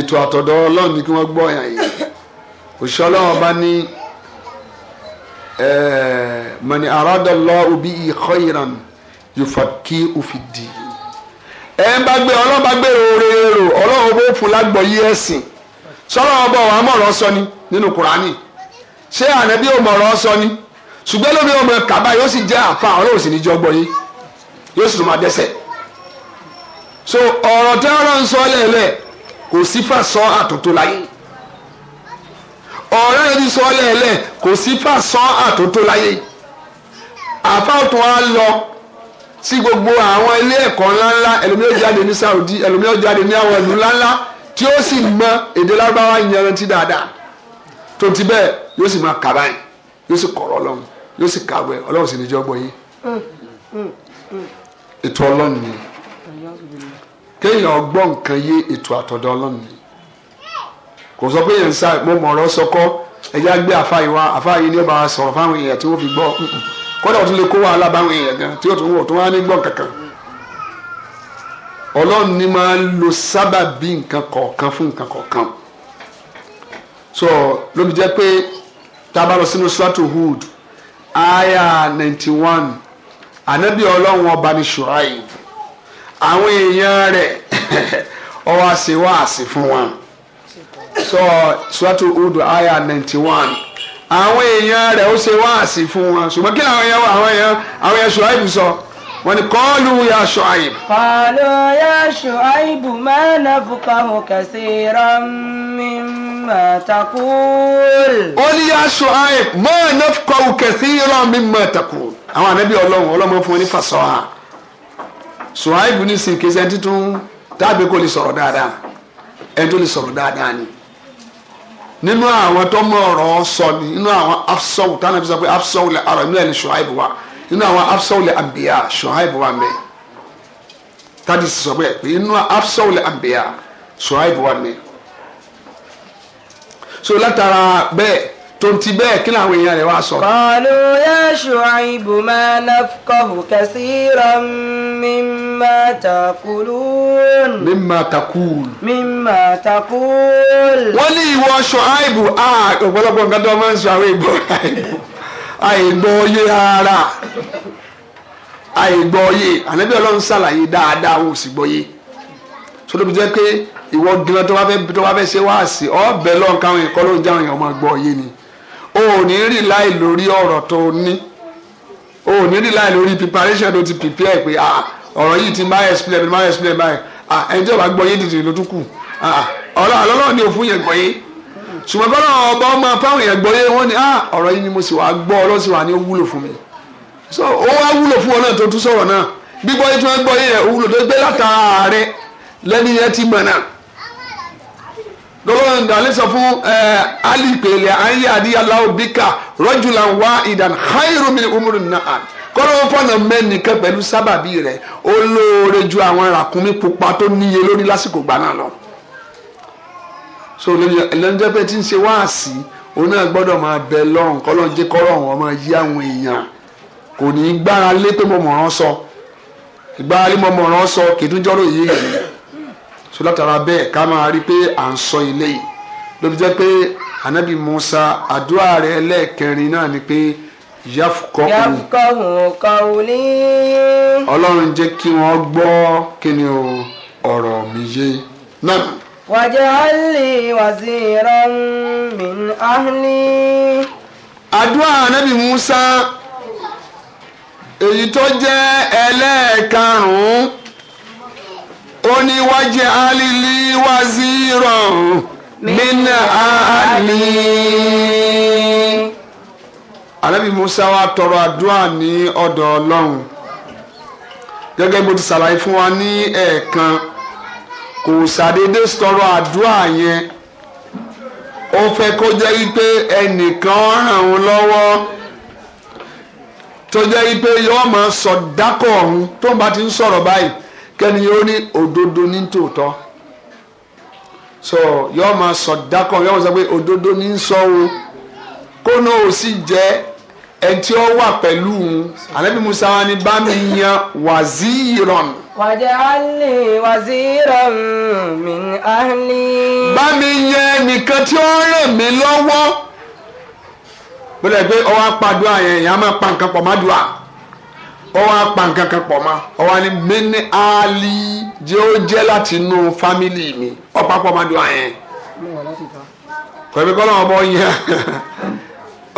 ètò àtọ̀dọ̀ ọlọ́run ni kí wọ́n gbọ́ yàn yé òṣìṣẹ́ ọlọ́run ọba ní mọ̀nì àràdọ̀lọ́ òbí ìkọ́ ìran yòfà kí òfin dì ẹ ń bá gbé ọlọ́run bá gbé òrèrò ọlọ́run bó fún lágbọ̀ọ́yé ẹ̀sìn sọ́lọ́run ọba wàá sọ ni nínú Kùránì ṣé ànábì ọmọ ọ̀rọ̀ ni ṣùgbọ́n lómi ọmọ kàbá yóò sì jẹ́ àfa ọlọ́run sì ní jọ gbọ́ yé yóò sì tún máa dẹ́sẹ̀ so ọ̀rọ̀ tí ọlọ́run sọ lẹ́lẹ̀ kò sí fà sọ àtòtò láyé ọ̀rọ̀ yẹn ti sọ lẹ́lẹ̀ kò sí fà sọ àtòtò láyé àfa ọ̀tún wa lọ sí gbogbo àwọn ilé ẹ̀kọ́ ńláńlá ẹlòmíràn jáde ní Saudi ẹlòmíràn jáde ní àwọn ìlú ńláńlá tí ó sì mọ èdè lárúbáwá yẹn rántí dáadáa tó ti bẹ́ẹ̀ yóò sì máa kà báyìí yóò sì kọ̀rọ̀ ọlọ́run yóò sì kàwé ọlọ́run sì ní jọ́ gbọ́ ètò ọlọ́run ni kéèyàn gbọ́ nǹkan yé ètò àtọ̀dọ̀ ọlọ́run ni kò sọ pé yẹn ń sá mo mọ̀ ọ̀rọ̀ sọkọ́ ẹ̀yà gbé àfáàyè wa àfáàyè ni ó bá wa sọ̀rọ̀ fáwọn èèyàn tí wọ́n fi gbọ́ kọ́dọ̀ tún lè kó wàhálà báwọn èèyàn gan tí ó wọ̀ tó wá ní gbọ́n kankan ọlọ́run ni máa ń lo sábàbí nǹkan kọ̀ọ̀kan fún nǹkan kọ̀ọ̀kan so ló fi jẹ́ pé tá a bá lọ sínú suratu Hud aya ninety one anabi ọlọ́run ọba ni Shuaib àwọn èèyàn rẹ̀ ọwọ́ àṣewáàṣì fún wọn so suratu Hud aya ninety one àwọn èèyàn rẹ̀ ó ṣe wáàṣì fún wọn ṣùgbọ́n kí àwọn èèyàn àwọn èèyàn àwọn èèyàn Shuaib sọ. So, wọ́n ní kọ́ọ̀lù ya ṣọ́àyìn. kọ́ọ̀lù ya ṣọ́àyìn bù máa na fukahu kẹsìrán mimma takul. ó ní ya ṣọ́àyìn máa na fukahu kẹsìrán mimma takul. àwọn ànábì ọlọ́run ọlọ́run fún wọn ní fasọ́ha ṣọ́àyìn bù ní sin kí ẹsẹ̀ títún tàbí kò lè sọ̀rọ̀ dáadáa ẹni tó lè sọ̀rọ̀ dáadáa ni nínú àwọn tó mọ̀ ọ̀rọ̀ sọ ni nínú àwọn afsọ́wù tánàbí sọ pé afsọ́wù lẹ́ àrọ̀ inú ẹ̀ ní ṣọ́àyìn bù wa nínú àwọn afsawulẹ̀ àbíyá Ṣuaib wà mẹ́ tàbí sọ pé pé nínú afsawulẹ̀ àbíyá Ṣuaib wà mẹ́ so látara be. tonti bẹ́ẹ̀ kí làwọn èèyàn rẹ̀ wá sọ. qalu ya Shu'aibu ma nafqahu kathiran mimma Takulun mimma taqul. mimma taqul. wọ́n ní ìwọ Shu'aibu a ọ̀pọ̀lọpọ̀ nǹkan tó máa ń sọ àwọn Shu'aibu àìgbọ́yé ara àìgbọ́yé ànábì ọlọ́run ṣàlàyé dáadáa wọn ò sì gbọ́yé sọdọ́ bí jẹ́ pé ìwọ gan tó bá fẹ́ tó bá fẹ́ ṣe wá sí ọ bẹ̀ lọ́n káwọn ẹ̀kọ́ ló ń jáwọn èèyàn máa gbọ́yé ni o ò ní rí láì lórí ọ̀rọ̀ tó ní o ò ní rí láì lórí preparation tó ti prepare pé ah ọ̀rọ̀ yìí ti máa explain máa explain báyìí ah ẹni tí ò bá gbọ́yé dìde ló tún kù ah, ah ọlọ́run ni òfun yẹn gbọ́yé ṣùgbọ́n kọ́ lọ́wọ́ ọba ọmọ apáwọn èèyàn gbọ́ yé wọ́n ní ah, ọ̀rọ̀ yìí ni mo sì wá gbọ́ ọlọ́sìn wà ní ó wúlò fún mi so ó wá wúlò fún ọ náà tó tún sọ̀rọ̀ náà gbígbọ́ yìí tí wọ́n gbọ́ yìí rẹ̀ ó wúlò tó gbé látara rẹ̀ lẹ́ni yẹn ti mọ̀ náà lọ́wọ́n dalẹ́ sọ fún ali pèlè ayé adíyàláwò bíkà rọ́jùlá wá ìdàn khairu min umuru náà kọ́lọ́wọ́ fọ́nà mẹ́nìkan pẹ̀lú sábàbí rẹ̀ ó lóore ju àwọn ràkúnmí pupa tó níye lórí lásìkò gbà lọ so lẹ́njẹ́ pé tí ń ṣe wáàsí òun náà gbọ́dọ̀ máa bẹ lọ́rùn kọ́ lọ́n jẹ́ kọ́rọ̀ wọn máa yí àwọn èèyàn kò ní í gbára lé pé mo mọ̀ràn sọ ìgbára lé mo mọ̀ràn sọ kì í tún jọ́rọ̀ yìí rẹ̀ ni so látara bẹ́ẹ̀ ká máa rí pé à ń sọ ilé yìí lóbi jẹ́ pé anabi Musa àdúrà rẹ̀ ẹlẹ́ẹ̀kẹrin náà ni pé yafukọhun kọhùnì. ọlọ́run jẹ́ kí wọ́n gbọ́ kí ni ọ̀rọ̀ mi yé náà. واجعل لي وزيرا من أهلي àdúrà nábì Musa èyí tó jẹ́ ẹlẹ́ẹ̀karùn-ún ó ní waj'al li waziran min ahli. ànábì Musa wa tọrọ àdúrà ní ọ̀dọ̀ Ọlọ́run gẹ́gẹ́ bó ti ṣàlàyé fún wa ní ẹ̀ẹ̀kan. Eh, kò ṣàdédé sọ̀rọ̀ àdúrà yẹn ó fẹ́ kó jẹ́ wípé ẹnìkan ràn òun lọ́wọ́ tó jẹ́ wípé yọ́ọ́ máa sọ dákọ̀ ọ̀hún tó bá ti ń sọ̀rọ̀ báyìí kẹ́ni yóò ní òdodo ní tòótọ́ so yọ́ọ́ máa sọ dákọ̀ yọ́ọ́ máa sọ pé òdodo ní sọ o kó náà ó sì jẹ́ ẹtí ọ wà pẹ̀lú musa ni bá mi yan min ahli. bá mi yan tí ó ràn mí lọ́wọ́. bóde pé ọwọ́ apàdúrà yẹn èèyàn máa pa nǹkan pọ̀ má dùn à ọwọ́ nǹkan kan pọ̀ má ọwọ́ ni mini ali jẹ́ ó jẹ́ láti inú fámìlì mi ọ̀pá pọ̀ má dùn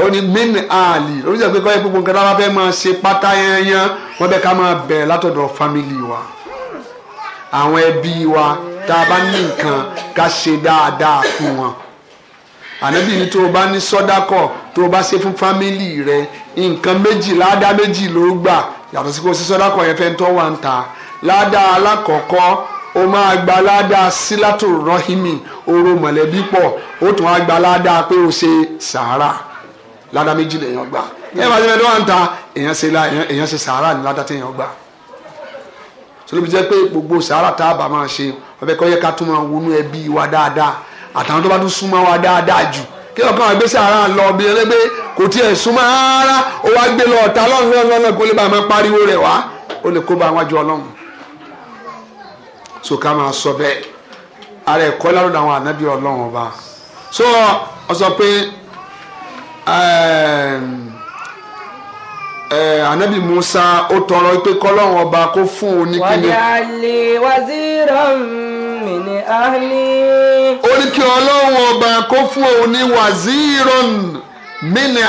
ó ní min ali oríṣi àti kọ́ ẹ gbogbo nǹkan táwa fẹ́ máa ṣe pátá yẹnyẹn wọ́n bẹ ká máa bẹ̀rẹ̀ látọ̀dọ̀ fámìlì wa àwọn ẹbí wa tá a bá ní nǹkan ká ṣe dáadáa fún wọn ànábì ni tó o bá ní sọ́dákọ̀ tó o bá ṣe fún fámìlì rẹ nǹkan méjì láàdá méjì ló gbà yàtọ̀ sí kó o ṣe sọ́dákọ̀ yẹn fẹ́ ń tọ́ wà ń ta láàdá alákọ̀ọ́kọ́ o máa gba ládàá sílátò rọhìmì oró mọ̀lẹ́bí pọ̀ o tún á gba ládàá pé o ṣe sàárà ládàá méjì lèèyàn gbà ẹ bá jẹ́ dọ́wọ́ ń èèyàn ṣe la èèyàn ṣe sàárà ní ládàá téèyàn gbà sọlọ́bi jẹ́ pé gbogbo sàárà tá a bá máa ṣe ọbẹ̀ kọ́ yẹ ká tún máa wọnú ẹbí wa dáadáa àtàwọn tó bá tún súnmọ́ wa dáadáa jù kí ọkàn wa gbé sàárà lọ bí ẹlẹ́gbẹ́ kò tiẹ̀ súnmọ́ rárá ó wá gbé lọ ọ̀tá lọ́nà kó lè bá máa pariwo rẹ̀ wá ó so ká sọ ọ sọ pé anabi musa ó tọrọ pé ọba kó fún un ní kíni. ní kí ọlọ́run ọba kó fún ní mi ní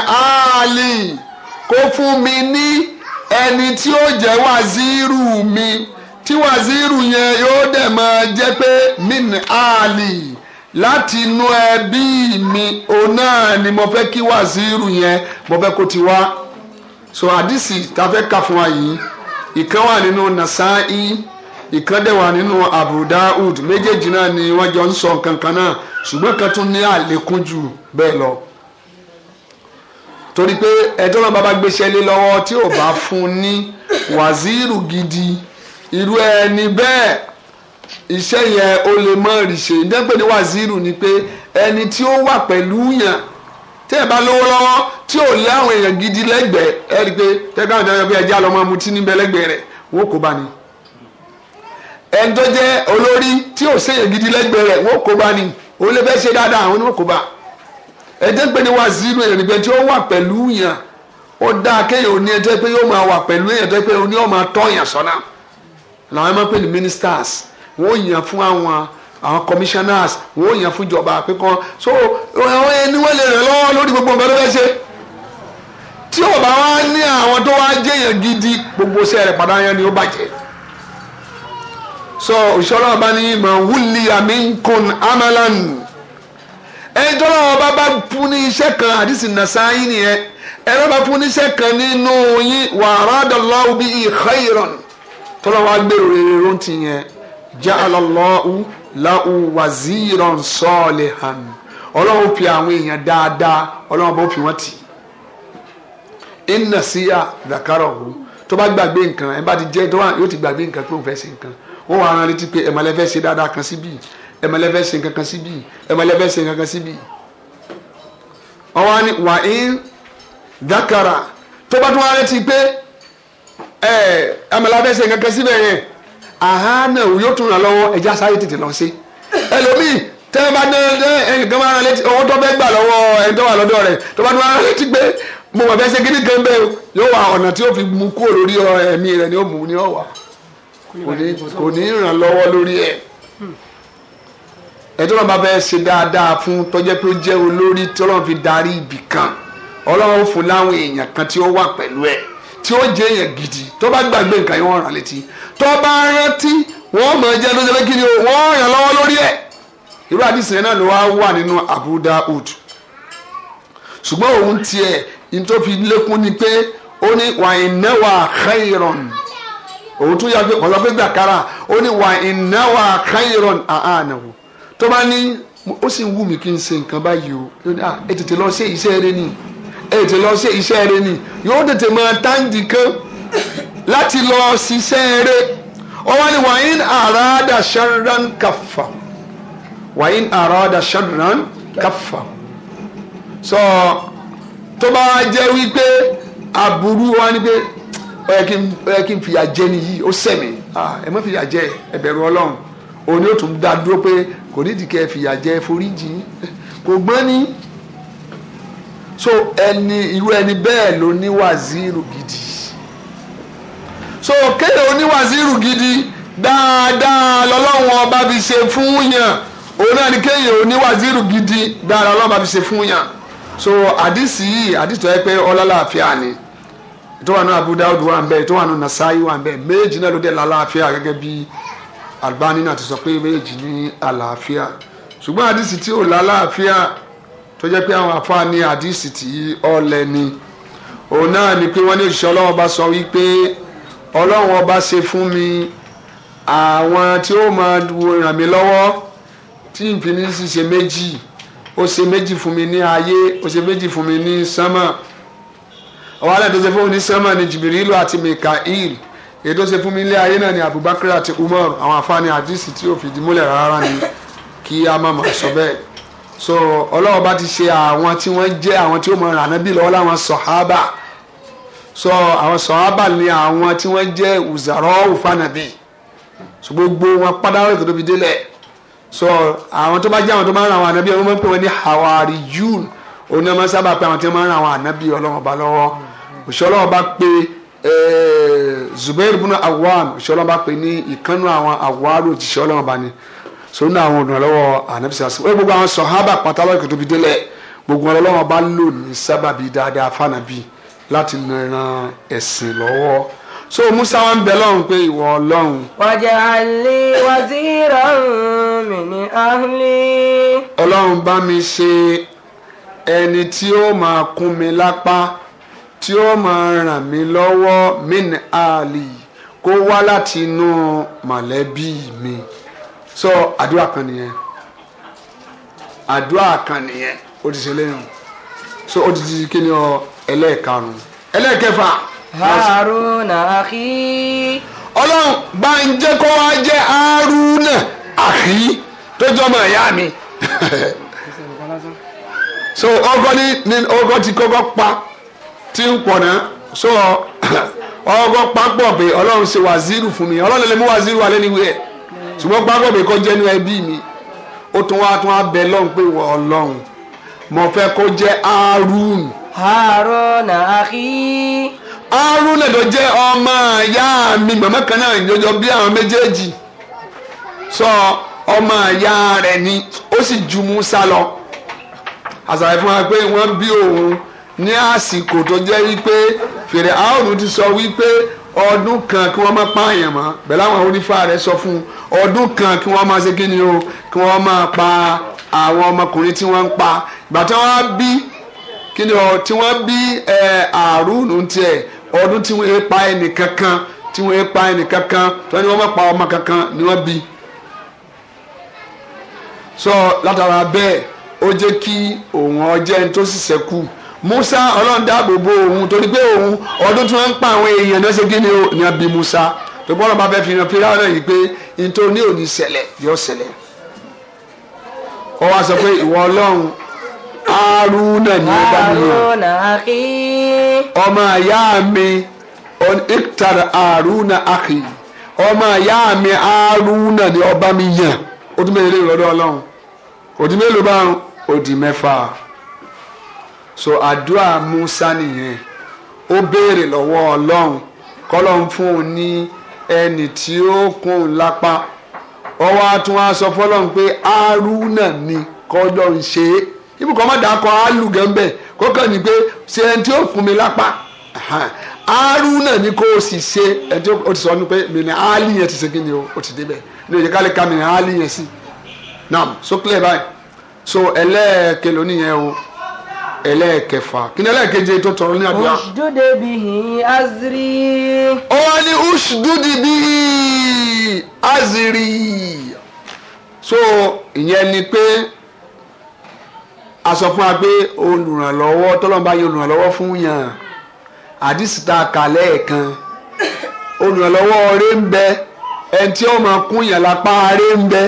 kó fún mi ní ẹni tí ó jẹ́ wàzírù mi tí yẹn yóò dẹ̀ jẹ́ pé mi láti inú ẹbí mi òun náà ni mo fẹ́ kí wàzírù yẹn mo fẹ́ kó ti wá so àdìsí ta fẹ́ kà fún wa yìí ìkan wà nínú Nasa'i ìkan dẹ̀ wà nínú Abu méjèèjì náà ni wọ́n jọ ń sọ nǹkan kan náà ṣùgbọ́n kan tún ní àlékún jù bẹ́ẹ̀ lọ torí pé ẹjọ́ náà bàbá gbéṣẹ́ lé lọ́wọ́ tí ò bá fún ní wàzírù gidi irú ẹni bẹ́ẹ̀ iṣẹ́ yẹn ó lè mọ́ ìrìṣẹ́ ìdẹ́gbẹ́ ní wàzírù ni pé ẹni tí ó wà pẹ̀lú yàn tí ẹ bá lówó lọ́wọ́ tí ò lé àwọn èèyàn gidi lẹ́gbẹ̀ẹ́ ẹ rí i pé tẹ́gbọ́n ìdájọ́ pé ẹjẹ́ àlọ́mọ mutí níbẹ̀ lẹ́gbẹ̀ẹ́ rẹ̀ wọ́n kó bá ní. ẹni tó jẹ́ olórí tí ò séyàn gidi lẹ́gbẹ̀ẹ́ rẹ̀ wọ́n kó bá ní òun lè fẹ́ ṣe dáadáa àwọn oníwọ̀n kó bá. ẹ̀ẹ́dẹ́gbẹ́ ni wàzírù èèyàn ìgbẹ́ tí ó wà pẹ̀lú yàn ó dáa kéèyàn ní ẹjọ́ pé yóò máa wà pẹ̀lú èèyàn tó pé ó ní ọ̀ sọ́nà làwọn máa pè ní ministers wọ́n ó yàn fún àwọn àwọn commissioners wọ́n ó yàn fún ìjọba pínkan so àwọn ẹni wọ́n lè ràn lọ́wọ́ lórí gbogbo nǹkan tó fẹ́ ṣe tí ò bá wá ní àwọn tó wá jẹyàn gidi gbogbo iṣẹ́ rẹ̀ padà yẹn ni ó bàjẹ́ so òṣìṣẹ́ ọlọ́run bá ní ìmọ̀ wúlì àmínkùn amalan ẹni tó lọ́wọ́ bá bá fún ní iṣẹ́ kan àdìsí nàṣáyí nìyẹn ẹni tó bá fún ní iṣẹ́ kan nínú yín wàrà dọ̀lọ́wọ́ bíi khairan tó lọ́wọ́ agbèrò rere ló ń ti yẹn ja'alallahu lahu waziran salihan ọlọ́run fi àwọn èèyàn dáadáa ọlọ́run bó fi wọ́n tì inna siya dhakarahu tó bá gbàgbé nǹkan ẹ bá ti jẹ́ tó wà yóò ti gbàgbé nǹkan pé òun fẹ́ ṣe nǹkan ó wà rán létí pé ẹ̀mọ́lẹ́ fẹ́ ṣe dáadáa kan síbí ẹ̀mọ́lẹ́ fẹ́ ṣe nǹkan kan síbí ẹ̀mọ́lẹ́ fẹ́ ṣe nǹkan kan síbí. ọwọ́ ni wà í dhakara tó bá tún wà létí pé ẹ̀mọ́lẹ́ fẹ́ ṣe nǹkan kan síbẹ̀ yẹn àhánà yóò tún ràn lọ́wọ́ ẹja sáré tètè lọ sí ẹlòmíì tẹ́ ẹ bá dán dán ẹnìkan máa rán létí owó tó fẹ́ gbà lọ́wọ́ ẹni tó wà lọ́dọ̀ rẹ̀ tó bá tún máa rán létí pé mo mọ̀ fẹ́ ṣe kíní kan bẹ́ẹ̀ yóò wá ọ̀nà tí yóò fi mú kúrò lórí ẹ̀mí rẹ̀ ni ó mú ni ó wà kò ní ràn lọ́wọ́ lórí ẹ̀ ẹjọ́ náà bá bẹ́ẹ̀ ṣe dáadáa fún tọ́jẹ́ pé ó jẹ́ olórí tí ọlọ́run fi darí ibì kan ọlọ́run fún láwọn èèyàn kan tí ó wà pẹ̀lú ẹ̀ tí ó jẹ́ yẹn gidi tó bá gbàgbé nǹkan yìí wọ́n rán létí tó bá rántí wọ́n mọ̀ jẹ́ tó jẹ́ kí ni wọ́n ràn lọ́wọ́ lórí ẹ̀ irú àdìsí yẹn náà ló wá wà nínú Abu Daud ṣùgbọ́n òun tiẹ̀ ní tó fi lékún ni pé ó ní wàhínáwá khairon òun tún yà pé kọ́sọ́ pé gbàkárà ó ní wàhínáwá khairon àhánàwó tó bá ní ó sì wù mí kí n ṣe nǹkan báyìí o ah, ẹ lọ ṣe iṣẹ́ rẹ nìyí ètò lọ ṣe iṣẹ́ rẹ ni yóò tètè máa táǹdì kan láti lọ ṣiṣẹ́ rẹ ọwọ́ ni wàyín àràádà ṣàrán kàfà wàyín àràádà ṣàrán kàfà sọ tó bá jẹ́ wípé aburú wa ni pé ó yẹ kí n fìyà jẹ nìyí ó sẹ̀mí ẹ má fìyà jẹ ẹ ọlọ́run òun yóò tún dá dúró pé kò nídìí kẹ́ ẹ fìyà jẹ foríjì kò gbọ́n ní so ẹni irú ẹni bẹ́ẹ̀ ló ní wàzírù gidi so kéde oníwàzírù gidi dáadáa lọ́lọ́run ọba fi ṣe fún yàn òun náà ni kéèyàn oníwàzírù gidi dáadáa lọ́lọ́run ọba fi ṣe fún yàn so àdìsí yìí àdìsí tó yẹ pé ọlọ́láàfíà ni tó wà ní Abu Dawud wà nbẹ tó wà ní Nasa'i wà nbẹ méjì náà ló dé lálàáfíà gẹ́gẹ́ bí Albani náà ti sọ pé méjì ní àlàáfíà ṣùgbọ́n àdìsí tí ò lálàáfíà tó jẹ́ pé àwọn àfáà ní àdìsí tí ọ̀lẹ̀ ni òun náà ni pé wọ́n ní òṣìṣẹ́ ọlọ́run ọba sọ wípé ọlọ́run ọba ṣe fún mi àwọn tí ó máa ràn mí lọ́wọ́ tí n fi ní ṣiṣẹ́ méjì ó ṣe méjì fún mi ní ayé ó ṣe méjì fún mi ní sánmà àwọn alẹ́ tó ṣe fún mi ní sánmà ni jìbìrìlù àti mikael èyí tó ṣe fún mi ní ayé náà ni abubakar àti umar àwọn àfáà ní àdìsí tí ò fìdí múlẹ̀ rárá ni kí a má máa sọ bẹ́ẹ̀ so ọlọ́run bá ti ṣe àwọn tí wọ́n jẹ́ àwọn tí ó mọ ànábì lọ́wọ́ láwọn sọ̀hábà so àwọn sọ̀hábà ni àwọn tí wọ́n jẹ́ ùzàrọ̀ òfànàbì so gbogbo wọn padà rẹ̀ tó fi délẹ̀ so àwọn tó bá jẹ́ àwọn tó máa ń ra àwọn ànábì ọlọ́run pè wọ́n ní hawari june òun náà máa ń sábà pé àwọn tí wọ́n máa ń ra àwọn ànábì ọlọ́run bá lọ́wọ́ òṣìṣẹ́ ọlọ́run bá pe Zubair bin Awam òṣìṣẹ́ ọlọ́run bá pe ní ìkànnù àwọn àwárò òṣìṣẹ́ ọlọ́run bá ní so nínú àwọn olùrànlọ́wọ́ ànábìsí àṣẹ wọ́n gbogbo àwọn sọ̀hábà pátá lọ́kẹ́ tóbi délẹ̀ gbogbo wọn lọ́wọ́ bá lò ní sábàbí dáadáa fànàbí láti ran ẹ̀sìn lọ́wọ́ so musa wa ń bẹ lọ́run pé ìwọ ọlọ́run. wàjà àlè wàzírà mi ní àhlì. ọlọ́run bá mi ṣe ẹni tí ó máa kún mi lápá tí ó máa ràn mí lọ́wọ́ min àlì kó wá láti inú mọ̀lẹ́bí mi. No so àdúrà kan nìyẹn àdúrà kan nìyẹn ó ti ṣe lẹ́yìn so ó ti di kí ni ọ ẹlẹ́ẹ̀karùn-ún ẹlẹ́ẹ̀kẹfà. haruna akhi. ọlọ́run bá ń jẹ́ kó haruna akhi tó jọmọ ìyá mi so ọgọ ni ọgọ ti kọ́kọ́ ti ń pọ̀ náà so ọgọ pa pọ̀ se ọlọ́run ṣe wàzírù fún mi ọlọ́run lè mú wàzírù alẹ́ níwèé ṣùgbọ́n gbàgbọ́ mi kó jẹ́ ní ẹbí mi ó tún wá tún á bẹ lọ́hùn pé wọ́n ọlọ́hùn mo fẹ́ kó jẹ́ Harun. Haruna akhi. Haruna tó jẹ́ ọmọ ìyá mi màmá kan náà jọjọ bí àwọn méjèèjì sọ ọmọ ìyá rẹ̀ ni ó sì ju Musa lọ àṣàyẹ fún wa pé wọ́n bí òun ní àsìkò tó jẹ́ wípé fèrè àrùn ti sọ wípé ọdún kan kí wọ́n máa pààyàn mọ́ bẹ̀rẹ̀ àwọn onífà rẹ̀ sọ fún ọdún kan kí wọ́n máa ṣe kí ni o kí wọ́n máa pa àwọn ọmọkùnrin tí wọ́n ń pa ìgbà tí wọ́n bí kí ni o tí wọ́n bí àrùnù tiẹ̀ ọdún tí wọ́n pa ẹnì kankan tí wọ́n pa ẹnì kankan tí wọ́n ní wọ́n máa pa ọmọ kankan ni wọ́n bí. sọ látara bẹ́ẹ̀ ó jẹ́ kí òun ọjẹ́ ní tó sì ṣẹ́kù. So, Musa ọlọ́run dáàbò bo òun torí pé òun ọdún tí wọ́n ń pa àwọn èèyàn náà ṣe kí ni ó ní abí Musa tó bọ́lá bá fẹ́ fi hàn fíra náà yìí pé nítorí ní òní ṣẹlẹ̀ yóò ṣẹlẹ̀ ó sọ pé ìwọ ọlọ́run Haruna ni ó bá mi yàn ọmọ ìyá mi iktar Haruna akhi ọmọ ìyá mi Haruna ni ó mi yàn ó tún bẹ̀rẹ̀ lọ́dọ̀ ọlọ́run òdì mélòó bá òdì mẹ́fà so àdúrà Musa nìyẹn ó béèrè lọ́wọ́ Ọlọ́run kọ́lọ́run fún òun ní ẹnì tí ó kún un lápá ọwọ́ atún wa sọ pé Haruna ni kọ́lọ́run ṣe é ibùkọ́ má dàá kọ alu gẹ́ńbẹ̀ kó kàn ní pé ṣe ẹni tí ó fún mi lápá Haruna ni kó o sì ṣe ẹni tí ó ti sọ ní pé mìíràn áálì yẹn ti ṣe kí o ti débẹ̀ ní ìjẹ́ká lè ka mìíràn áálì yẹn sí nam so clear báyìí so ẹlẹ́ẹ̀kẹ́ lónìí yẹn o ẹlẹ́ẹ̀kẹfà kí ni ẹlẹ́ẹ̀keje tó tọrọ ní àdúrà. ushdud bihi azri. ó wá ní ushdud bihi azri. so ìyẹn ni pé a sọ fún wa pé olùrànlọ́wọ́ tọ́lọ́mùbá yẹn olùrànlọ́wọ́ fún yàn àdìsí tá a kà lẹ́ẹ̀kan olùrànlọ́wọ́ ọ̀rẹ́ ń bẹ ẹni tí ó máa kún yàn lápá ọ̀rẹ́ ń bẹ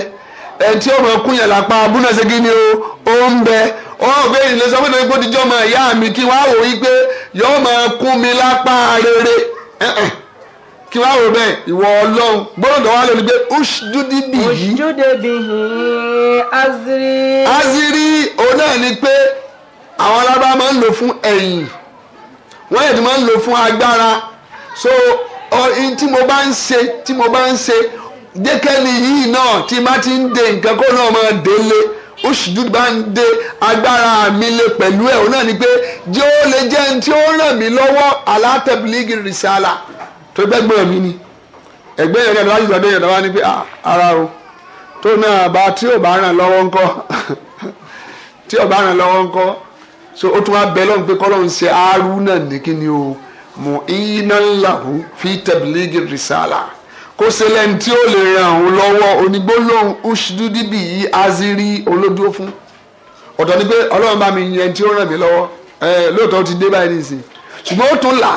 ẹni tí ó máa kún yàn lápá abúlé ṣe kí ni o ó ń bẹ wọn ò gbé ilé sọ pé torí pé díjọ́ ọmọ ìyá mi kí wọ́n á wò wípé yọ́ọ́ máa kún mi lápá rere kí wọ́n á wò bẹ́ẹ̀ ìwọ ọlọ́run gbọ́dọ̀ tó lórí pé ojúde bì yí. ojúde bì yí aziri. aziri òun náà ni pé àwọn alábá máa ń lò fún ẹ̀yìn wọ́n yẹ̀ tí máa ń lò fún agbára so ọ̀hún tí mo bá ń ṣe tí mo bá ń ṣe jẹ́kẹ́ni yìí náà tí má ti ń de nǹkan kó náà máa délé oṣù bá ń dé agbára mi lé pẹ̀lú ẹ̀ òun náà ni pé jẹ́ ó lè jẹ́ ẹni tí ó ràn mí lọ́wọ́ alátẹ̀bílígì rìsálà tó gbẹ́gbẹ́ mi ni ẹ̀gbẹ́ yẹn náà láti sọdọ́ yẹn náà wá ní pé ah, ara o tó náà bá tí ò bá ràn lọ́wọ́ ńkọ́ tí ò bá ràn lọ́wọ́ ńkọ́ so ó tún wá bẹ lọ́run pé kọ́lọ́run ṣe àárú náà ní kí ni o mọ̀ iná ńlá fi tẹ̀bílígì rìsálà kó ṣe lẹ́ni tí ó lè ràn òun lọ́wọ́ onígbólóhùn uṣdúdíbì yìí aziri olódúró fún ọ̀tọ̀ ni pé ọlọ́run bá mi yẹn tí ó ràn mí lọ́wọ́ ẹ lóòótọ́ ti dé báyìí nìsín ṣùgbọ́n ó tún là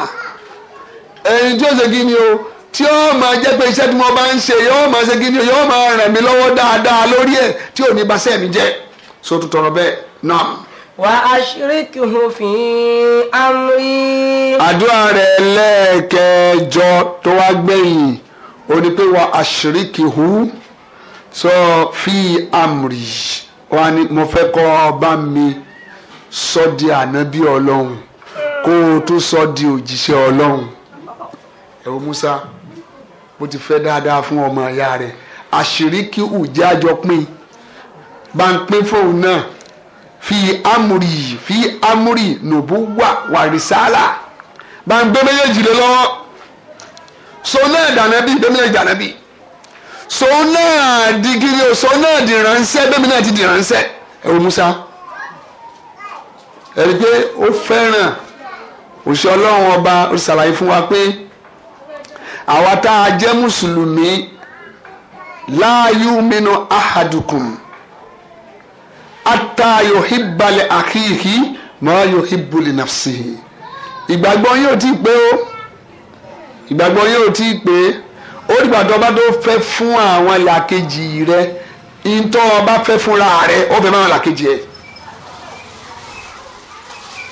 ẹni tí ó ṣe kí ni o tí ó máa jẹ́ pé iṣẹ́ tí mo bá ń ṣe yóò máa ṣe kí ni o yóò máa ràn mí lọ́wọ́ dáadáa lórí ẹ̀ tí ò ní bá sẹ́ mi jẹ́ so tó tọrọ bẹ́ẹ̀ náà. wà á ṣeré kí n fi amúrí. àdúrà rẹ̀ lẹ́ẹ̀kẹjọ tó wá gbẹ̀yìn ó ní pé wà hu sọ fi amri wa ni mo fẹ́ kọ́ bá mi sọ di ànábì ọlọ́run kó o tún sọ di òjíṣẹ́ ọlọ́run ẹ̀rọ Musa bó ti fẹ́ dáadáa fún ọmọ ìyá rẹ̀ àṣíríkì hu jẹ́ àjọpín bá ń pín fóun náà fi amri fi amri nùbú wa wà rìsálà bá ń gbé méjèèjì lé lọ́wọ́ so náà dànàbí bẹ́mi náà dànàbí so náà di kiri o so náà di ránṣẹ́ bẹ́mi náà ti di ránṣẹ́ ẹ wo Musa ẹ̀rí pé ó fẹ́ràn òṣìṣẹ́ ọlọ́run ọba ó ṣàlàyé fún wa pé àwa tá a jẹ́ mùsùlùmí láàyè mínú ahadukum ata yohibbali akihi ma yohibbuli nafsihi ìgbàgbọ́ yóò ti pé o ìgbàgbọ́ yóò tí ì pé ó dìgbà tó bá tó fẹ́ fún àwọn làkejì rẹ ntọ́ ọba fẹ́ fúnra rẹ ó fẹ́ máa làkejì ẹ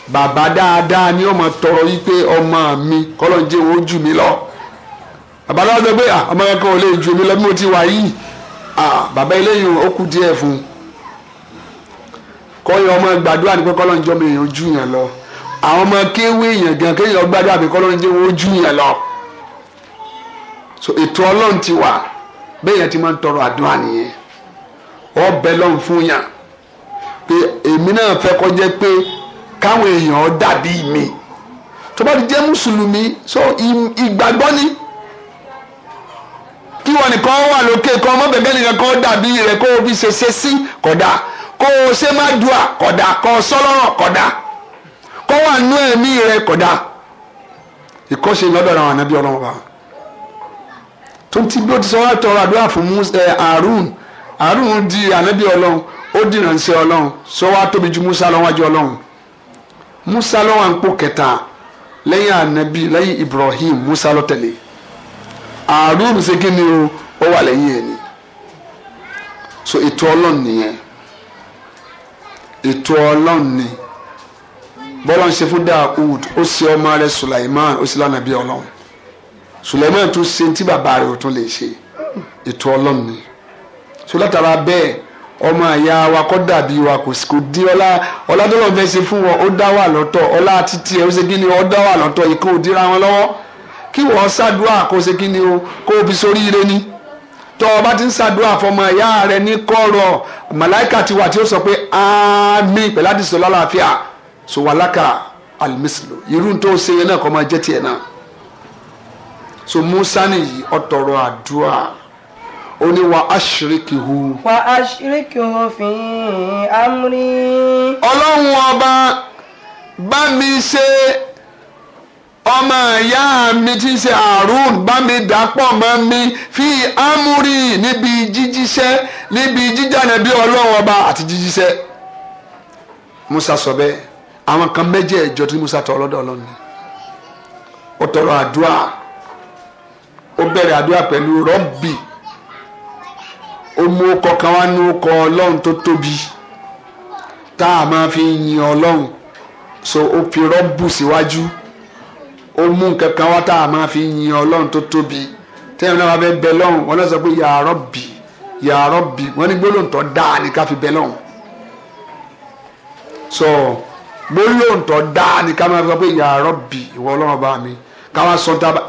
bàbá dáadáa ni ó máa tọrọ yí pé ọmọ mi kọ́lọ́ jẹ́ òun jù mí lọ bàbá náà sọ pé ọmọ kankan ò lè jù mí lọ bí mo ti wà yìí bàbá eléyìí ó kù díẹ̀ fún un ọmọ gbàdúrà ní pé kọ́lọ́ ń mi èèyàn jù yẹn lọ àwọn ọmọ kéwé èèyàn gan kéèyàn gbàdúrà pé kọ́lọ́ ń jẹ́ jù yẹn lọ so ètò ọlọ́run ti wà bẹ́ẹ̀ yẹn ti máa ń tọrọ àdúrà nìyẹn ọbẹ̀ lọ́run fún yàn pé èmi náà fẹ́ kọjá pé káwọn èèyàn dàbí mi tó bá ti jẹ́ mùsùlùmí so ìgbàgbọ́ ni kí wọn nìkan wà lókè kan ọmọbẹ̀gẹ́ nìkan kan dàbí rẹ̀ kó o fi ṣe ṣe sí kódà kó o ṣe má dùà kódà kó o sọ́lọ́rọ̀ kódà kó wà nú ẹ̀mí rẹ̀ kódà ìkọ́ṣe lọ́dọ̀ àwọn ànábì ọlọ́run báwọn tó ti bí ó ti sọ wá tọrọ àdúrà fún Musa eh, Harun Harun di ànábì Ọlọ́run ó di ìránṣẹ́ Ọlọ́run sọ wá tóbi ju Musa lọ wájú Ọlọ́run Musa lọ wà ń pò kẹta lẹ́yìn ànábì lẹ́yìn Ibrahim Musa lọ tẹ̀lé Harun ṣe kí ni o ó wà lẹ́yìn ẹ̀ ni so ètò Ọlọ́run nìyẹn ètò Ọlọ́run ni bọ́lá ń ṣe fún Daoud ó ṣe ọmọ rẹ̀ Sulaiman ó sì lánàá bí Ọlọ́run Suleiman tún ṣe tí bàbá rẹ̀ ò tún lè ṣe ètò ọlọ́run ni so látara bẹ́ẹ̀ ọmọ àyà wa kọ́ dàbí wa kò sí kò di ọlá ọládọ́lọ́ fẹ́ ṣe fún wọn ó dá wà lọ́tọ̀ ọlá títí ẹ̀ ó ṣe kí ni ó dá wà lọ́tọ̀ yìí kò dira wọn lọ́wọ́ kí wọ́n ṣàdúrà kó ṣe kí ni o kó fi sórí ire ni tọ́ ọ bá ti ń ṣàdúrà fọmọ ẹ̀yà rẹ ní kọ́rọ̀ màláìkà ti wà tí ó sọ pé ámì pẹ̀lú àdìsọ lálàáfíà sọ wàlákà alimísìlò irú tó ṣe yẹn náà kọ́ máa jẹ́ tiẹ̀ náà so musa nìyí ọtọrọ àdúrà ó ní wa aṣirikihu. wa aṣirikihu fi amúrí. ọlọ́run ọba bá mi ṣe ọmọ ìyá mi tí ṣe àrùn bá mi dàpọ̀ mọ́ mi fi amúrí níbi jíjíṣẹ́ níbi jíjànà bí ọlọ́run ọba àti jíjíṣẹ́ musa sọ bẹ́ẹ̀ àwọn kan mẹ́jẹ̀ẹ́jọ tí musa tọ ọlọ́dọ̀ ọlọ́run ó tọrọ àdúrà ó bẹ̀rẹ̀ àdúrà pẹ̀lú rọ́bì ó mú ọkọ̀ kan wá ní ọkọ̀ ọlọ́run tó tóbi tá a máa fi yin ọlọ́run so ó fi rọ́bù síwájú ó mú nǹkan kan wá tá a máa fi yin ọlọ́run tó tóbi tẹ́yìn náà wá fẹ́ bẹ lọ́run wọn náà sọ pé ya Rabbi ya Rabbi wọn ní gbólóǹtọ́ dáa ni ká fi bẹ lọ́run so gbólóǹtọ́ dáa ní ká máa fi sọ pé ya Rabbi ìwọ ọlọ́run bá mi ká wá sọ tá a bá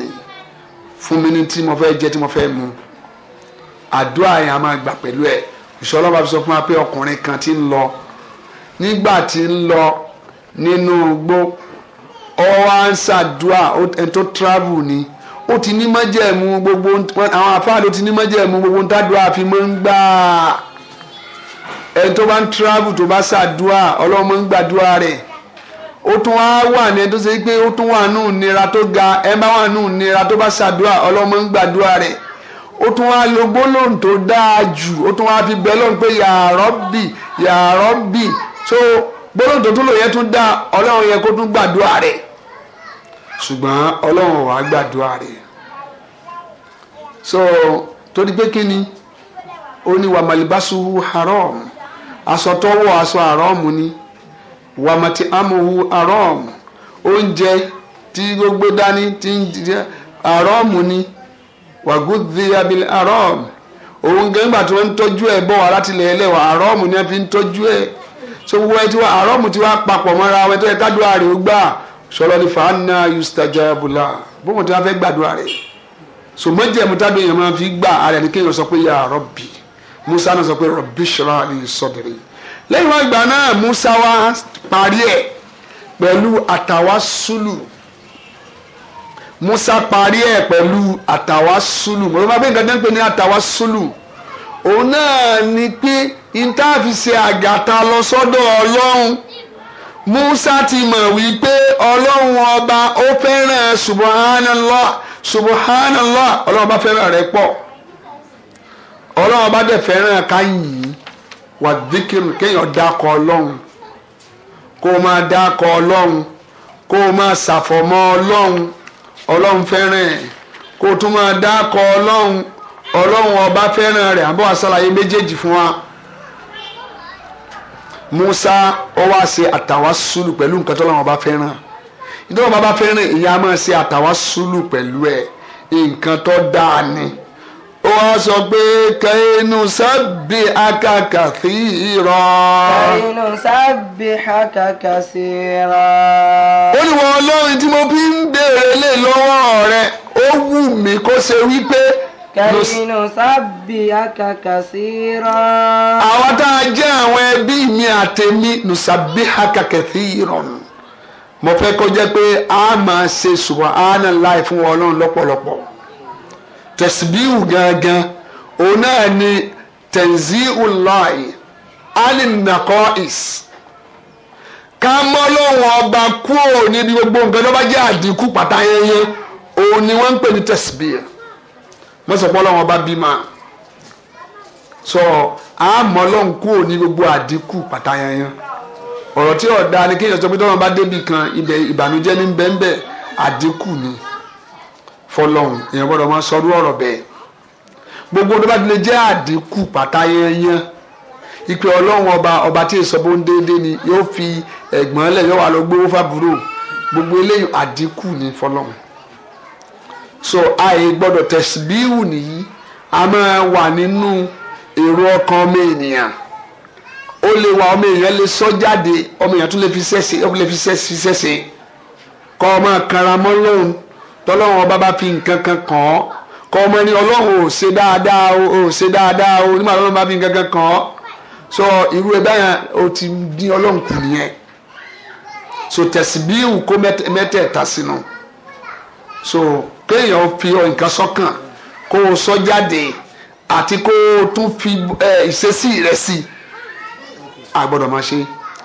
nìyí fún mi ní tí mo fẹ́ jẹ tí mo fẹ́ mu àdúrà yẹn a máa gbà pẹ̀lú ẹ̀ ìṣọlọ́ba fi sọ fún wa pé ọkùnrin kan ti ń lọ nígbà tí ń lọ nínú igbó ọ wá ń ṣàdúrà ẹni tó travel ni ó ti ní májẹ̀mú gbogbo àwọn afáàlú ti ní májẹ̀mú gbogbo ntàdúrà fi máa ń gbà ẹni tó bá ń travel tó bá ṣàdúrà ọlọ́run máa ń gbàdúrà rẹ̀ ó tún wá wà ní tó ṣe pé ó tún wà nù nira tó ga ẹ bá wà nù nira tó bá ṣàdúrà ọlọ́mọ ń gbàdúrà rẹ̀ ó tún wá lo gbólóhùn tó dáa jù ó tún wá fi bẹ́ẹ̀ lóhùn pé ya Rabbi ya Rabbi so gbólóhùn tó tún lò yẹn tún dá ọlọ́run yẹn kó tún gbàdúrà rẹ̀ ṣùgbọ́n ọlọ́run wàá gbàdúrà rẹ̀ so torí pé kí ni ó ní wàmàlìbáṣu haram aṣọ tọwọ́ aṣọ haram ni wàmàtí amòhu arọ́ọ̀mù oúnjẹ tí ó gbé dání tí ń jẹ arọ́ọ̀mù ni wàgùdì abil arọ́ọ̀mù òun gan gbà tí wọ́n ń tọ́jú ẹ̀ bọ̀ wá láti ẹlẹ́wà arọ́ọ̀mù ni wọ́n fi ń tọ́jú ẹ̀ so wọ́n ẹ ti wá arọ́ọ̀mù ti wá papọ̀ mọ́ra wọn tó yẹ kádùá rẹ̀ ó gbà sọlọ ní fàánà yustajabula bọ́mọ̀ tí wọ́n fẹ́ gbàdúrà rẹ̀ so mọ́jẹ̀mú tádùn èèyàn máa fi gbà ara ẹni kéèyàn sọ pé ya Rabbi Musa náà sọ pé Rabbi shrah li sadri lẹ́yìn wọn ìgbà náà Musa wa parí ẹ̀ pẹ̀lú àtàwásùlù Musa parí ẹ̀ pẹ̀lú àtàwásùlù mo máa bẹ́ẹ̀ nǹkan tó ń pè ní àtàwásùlù òun náà ni pé ìtàfi ṣe àgàtà lọ sọ́dọ̀ Ọlọ́run Musa ti mọ̀ wípé Ọlọ́run ọba ó fẹ́ràn subhanallah subhanallah Ọlọ́run ọba fẹ́ràn rẹ̀ pọ̀ Ọlọ́run ọba dẹ̀ fẹ́ràn ká yìn wà díkìrù kéèyàn dákọ ọlọ́run kó o máa dákọ ọlọ́run kó o máa ṣàfọ̀mọ́ ọlọ́run ọlọ́run fẹ́ràn ẹ̀ kó tún máa dákọ ọlọ́run ọlọ́run ọba fẹ́ràn rẹ̀ àbọ̀ àṣàlàyé méjèèjì fún wa. Musa ó wá ṣe àtàwásùlù pẹ̀lú nǹkan tó lọ́wọ́ ọba fẹ́ràn nítorí ọba bá fẹ́ràn ìyá máa ṣe àtàwásùlù pẹ̀lú ẹ̀ nǹkan tó dáa ni ó wá sọ pé kẹ́hìnú sábì akàkà sí irọ́. kẹ́hìnú sábì akàkà sí irọ́. ó ní wọn ọlọ́run tí mo fi ń béèrè lè lọ́wọ́ rẹ ó wù mí kó ṣe wípé kẹ́hìnú sábì akàkà sí rán. àwa tá a jẹ́ àwọn ẹbí mi àtẹ̀mí nùsàbí akàkà sí rán. mo fẹ́ kó jẹ́ pé a máa ṣe subhanallahi fún Ọlọ́run lọ́pọ̀lọpọ̀ tẹ̀síbíù gangan òun náà ni tẹ̀síùláì alinakọ́is ká mọ́ lóhùn ọba kúrò níbi gbogbo nǹkan tó jẹ́ àdínkù pàtà òun ni wọ́n ń pè ní tẹ̀síbíù mọ́sọ̀pọ̀ lọ́wọ́ ọba bímọ sọ àmọ́ lóhùn kúrò ní gbogbo àdínkù pàtà yẹyẹ ọ̀rọ̀ tí ọ̀dà ni kéèyàn sọ pé tọ́wọ́n bá débì kan ibẹ̀ ìbànújẹ́ ní bẹ́ẹ̀ àdínkù ni. Bembe, fọlọ́run èèyàn gbọ́dọ̀ máa sọ ọdún ọ̀rọ̀ bẹ́ẹ̀ gbogbo tó bá ti lè jẹ́ àdínkù pátá yẹnyẹn ìpè ọlọ́run ọba ọba tí èso bó ń déédé ni yóò fi ẹ̀gbọ́n lẹ̀ yóò wà lọ gbówó fábúrò gbogbo eléyìí àdínkù ní fọlọ́run so àyè gbọ́dọ̀ tẹ̀síbíhù nìyí a máa wà nínú èrò ọkàn ọmọ ènìyàn ó lè wà ọmọ èèyàn lè sọ jáde ọmọ èèyàn tún lè fi sẹ́sẹ̀ ó lè fi sẹ́sẹ̀ kọ́ ọmọ kanra mọ́ lọ́run tọ́lọ́run ọba bá fi nǹkan kan kàn ọ́ kọ́ ọmọ ẹni ọlọ́run ò ṣe dáadáa ò ṣe dáadáa o nígbà tọ́lọ́run bá fi nǹkan kan kàn ọ́ so irú ẹ báyà o ti di ọlọ́run kù nìyẹn so tẹ̀síbíhù kó mẹ́tẹ̀ẹ̀ta sínú so kéèyàn fi nǹkan sọ́kàn kó o sọ jáde àti kó o tún fi ìṣesí rẹ̀ sí àgbọ́dọ̀ máa ṣe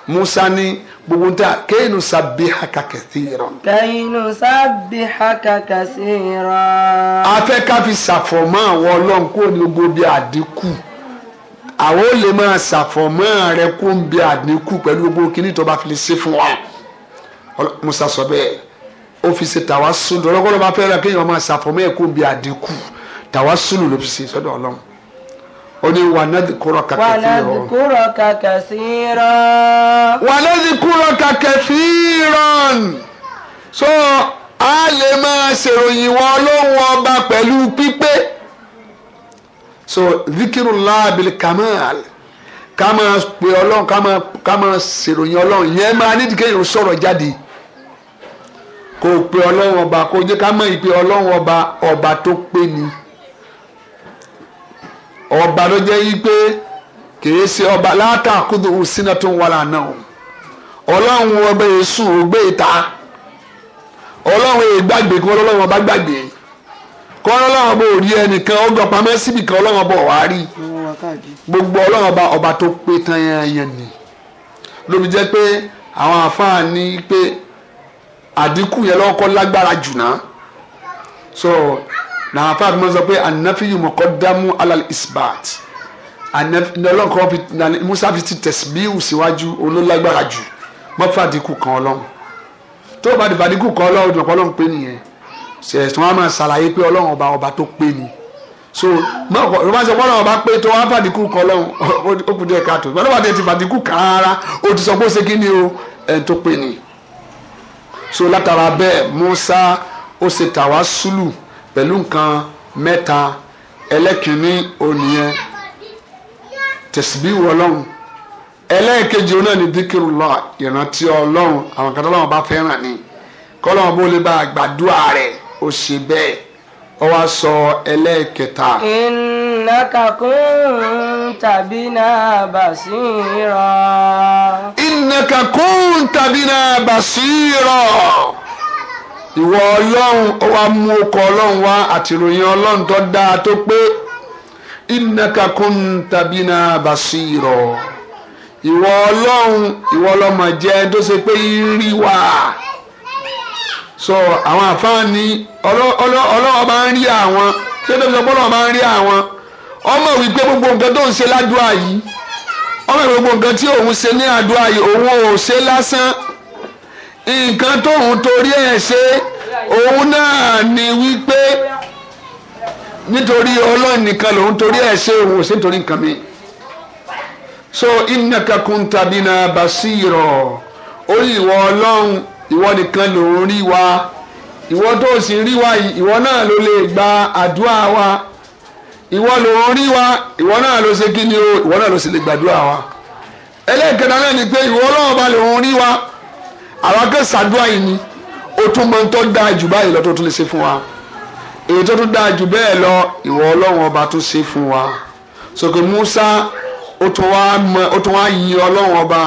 Musa ní gbogbo nta kéyinu sabbihaka kathiran. kéyinu sabbihaka kathiran. afẹ́ káfi ṣàfọ̀mọ́ àwọn ọlọ́run kó gbogbo bí àdínkù àwọn ò máa ṣàfọ̀mọ́ rẹ kó ń bí àdínkù pẹ̀lú gbogbo kíní tó bá fi lè ṣe fún wa musa sọ bẹ́ẹ̀ ó fi ṣe tàwa sùn lọ́lọ́kọ́ ló bá fẹ́ rà kéèyàn máa ṣàfọ̀mọ́ ẹ̀ kó ń bí àdínkù tàwa sùn ló fi ṣe sọ́dọ̀ ọlọ́run ó ní wanadhikuraka kathira. wanadhikuraka kathira. wanadhikuraka kathira. so a lè máa ṣèròyìn wa ọlọ́run ọba pẹ̀lú pípé so zikiru bil kamal ká máa pe ọlọ́run ká máa ká máa ṣèròyìn ọlọ́run ìyẹn máa nídìí kéèyàn sọ̀rọ̀ jáde kó pe ọlọ́run ọba kó jẹ́ ká mọ̀ ìpè ọlọ́run ọba ọba tó pé ni ọba ló jẹ́ yí pé kìí ṣe ọba látàkùdù sínú tó ń wàlà náà ọlọ́run ọba èṣù ògbé ìta ọlọ́run ìgbàgbé kí wọ́n lọ́wọ́ bá gbàgbé kọ́ ọlọ́run ọba ò rí ẹnìkan ó gbọ́n pamẹ́ síbi kan ọlọ́run ọba ọ̀wá rí gbogbo ọlọ́run ọba ọba tó pé tán yẹn ni lómi jẹ́ pé àwọn àfáà ní pé àdínkù yẹn lọ́kọ́ lágbára jù náà so làwọn afáàbí mọ sọ pé anafiyu muqaddamu alal isbat ọlọ́run kan fi musa fi ti tẹ̀síbíù síwájú olólágbára jù mọ́ fàdíkù kan ọlọ́run tó o bá di fàdíkù kan ọlọ́run dùn ọlọ́run pé nìyẹn ṣẹ̀sùn wa máa ṣàlàyé pé ọlọ́run ọba ọba tó pé ni so mọ̀kọ́ ló máa ń sọ ọlọ́run ọba pé tó wá diku kan ọlọ́run ó kù díẹ̀ káàtó ọlọ́run ọba ti fàdíkù kan rárá o ti sọ pé ó ni o ẹ̀ tó pé ni so látara bẹ́ẹ̀ musa ó ṣe tàwa sùlù pẹ̀lú nǹkan mẹ́ta ẹlẹ́kìnní ònìyẹn tẹ̀síbí wọlọ́run ẹlẹ́ẹ̀kejì òun náà díkìrù lọ ìrántí ọlọ́run àwọn kan tó lọ́wọ́ bá fẹ́ràn ni kọ́lọ́wọ́ bó lè bá àgbàdua rẹ̀ ó ṣe bẹ́ẹ̀ ó wá sọ ẹlẹ́ẹ̀kẹta. ìnáka tàbí náà bà sí tàbí náà bà ìwọ ọlọ́run ó wá mú okọ̀ ọlọ́run wá àtìròyìn ọlọ́run tó dáa tó pé innaka kunta bina basiro ìwọ ọlọ́run ìwọ ọlọ́mọ jẹ́ tó ṣe pé rí wa so àwọn àfáàní ọlọ́wọ́ bá ń rí àwọn tí ó tẹ́lẹ̀ ọlọ́wọ́ bá ń rí àwọn ọmọ wípé gbogbo nǹkan tó ń ṣe ládùúgbò yìí ọmọ gbogbo nǹkan tí òun ṣe ní àdúrà yìí òun ò ṣe lásán nǹkan tóun torí ẹ̀ ṣe òun náà ni wípé nítorí ọlọ́run nìkan lòun torí ẹ̀ ṣe òun ò sí nítorí nǹkan mi so innaka kunta bina basira ó ní ìwọ ọlọ́run ìwọ nìkan lòun rí wa ìwọ tó sì rí wa ìwọ náà ló lè gba àdúrà wa ìwọ lòun rí wa ìwọ náà ló ṣe kí ni o ìwọ náà ló sì lè gbàdúrà wa ẹlẹ́ẹ̀kẹta náà ni pé ìwọ ọlọ́run ba lòun rí wa àwọn akẹ́sàdúrà yìí ni ó tún mọ tó dáa jù báyìí lọ tó tún lè ṣe fún wa èyí tó tún dáa jù bẹ́ẹ̀ lọ ìwọ ọlọ́run ọba tún ṣe fún wa sọ̀kè Musa ó tún wá mọ yin ọlọ́run ọba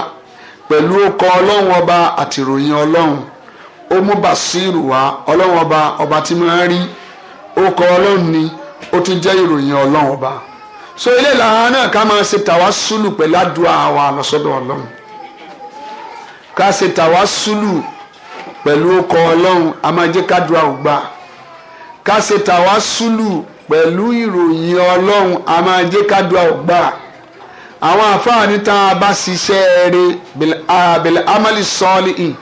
pẹ̀lú ọkọ ọlọ́run ọba àti ìròyìn ọlọ́run ó mú Bàṣírù wá ọlọ́run ọba ọba tí mo ń rí ọkọ ọlọ́run ni ó tún jẹ́ ìròyìn ọlọ́run ọba so ilé ìlànà náà ká máa ṣe tàwa sùlù pẹ̀lú àdúrà wa lọ́sọ́dọ̀ ọlọ́run ká ṣe tàwa sùlù pẹ̀lú ọkọ̀ ọlọ́run a máa jẹ́ kádùá ògbà ká ṣe tàwa sùlù pẹ̀lú ìròyìn ọlọ́run a máa jẹ́ kádùá ògbà àwọn àfáàní tá bá ṣiṣẹ́ eré bẹ̀lẹ̀ amali sọ́ọ́lì ìn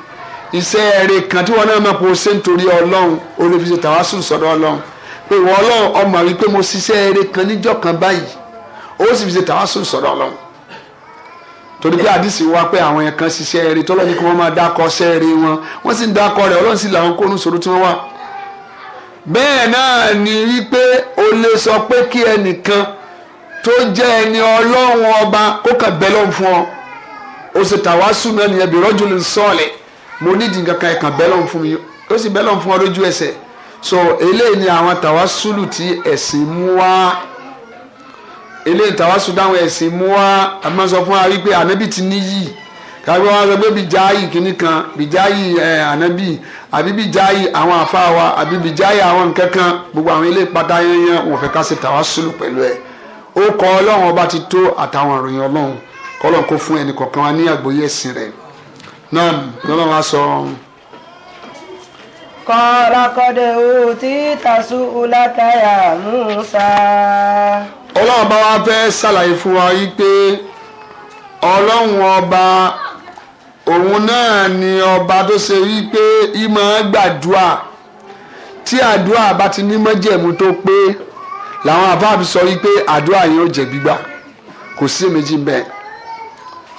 iṣẹ́ eré kan tí wọ́n náà mọ̀ pé o ṣe ń torí ọlọ́run o lè fi ṣe tàwa sùlù sọ́dọ̀ ọlọ́run pé ìwọ ọlọ́run ọmọ wípé mo ṣiṣẹ́ eré kan níjọ́ kan báyìí o sì fi ṣe tàwa sùlù torí pé àdìsí wa pé àwọn yẹn kan ṣiṣẹ́ eré tọ́lọ́ ní kí wọ́n máa dákọ́ sẹ́ẹ̀rẹ́ wọn wọ́n sì ń dákọ́ rẹ̀ ọlọ́run sì làwọn kónú sòrò tí wọ́n wà. bẹ́ẹ̀ náà ni wípé o lè sọ pé kí ẹnìkan tó jẹ́ ẹni ọlọ́run ọba kó kàn bẹ́ lọ́n fún ọ o sì tàwa sùn náà nìyẹn bí rọ́jò lè sọ̀lẹ̀ mo nídìí kankan ẹ̀kan bẹ́ lọ́n fún mi ó sì bẹ́ lọ́n fún ọ so eléyìí ni àwọn tàwa sùlù tí eléyìí tàwa sùn dáhùn ẹ̀sìn mú wa a máa sọ fún wa wípé ànábì ti níyì káwé wa sọ pé bìjáyì kìíní kan bìjáyì ẹ ànábì àbí bìjáyì àwọn àfa wa àbí bìjáyì àwọn nǹkan kan gbogbo àwọn eléyìí pátá yẹnyẹn wọn fẹ́ ká ṣe tàwa sùn pẹ̀lú ẹ̀ ó kọ ọlọ́run ọba ti tó àtàwọn ìròyìn ọlọ́run kọ́lọ́n kó fún ẹnì kọ̀ọ̀kan wa ní àgbọ́yé ẹ̀sìn rẹ̀ náà lọ́lọ́run wa sọ. kọ́ra kọ́dẹ̀ ó tàṣù làkàyà Musa ọlọ́run bá wa fẹ́ ṣàlàyé fún wa yí ọlọ́run ọba òun náà ni ọba tó ṣe wí ìmọ̀ gbàdúà tí àdúà bá ti ní mọ́jẹ̀mú tó pé làwọn àfáàbí sọ wí pé àdúà yẹn ó jẹ́ gbígbà kò sí èméjì ń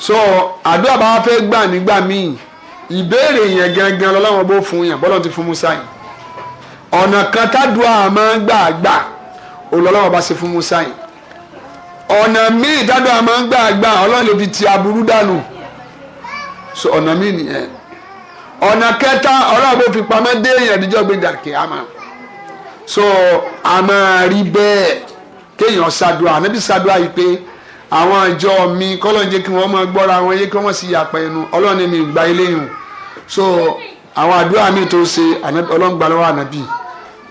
so àdúà bá wa fẹ́ gbà nígbà míì ìbéèrè yẹn gangan lọ́lọ́wọ́n bó fún yàn bọ́lọ́ ti fún Musa yìí ọ̀nà kan tádùá máa ń gbà gbà òun lọ́lọ́wọ́n bá ṣe fún Musa yìí ọ̀nà míì dádọ́ àmọ́ ń gbà gbà ọlọ́run lè fi ti aburú dànù so ọ̀nà míì nìyẹn ọ̀nà kẹta ọlọ́run bó fi pamọ́ dé èèyàn níjọ́ gbé dàkẹ́ àmà so a máa rí bẹ́ẹ̀ kéèyàn ṣàdúrà ànábì ṣàdúrà yìí pé àwọn ìjọ mi kọ́lọ́run jẹ́ kí wọ́n máa gbọ́ra àwọn yé kí wọ́n sì yàpẹ̀ ẹnu ọlọ́run mi gba eléyìí so àwọn àdúrà mi tó ṣe ọlọ́run gba lọ́wọ́ ànábì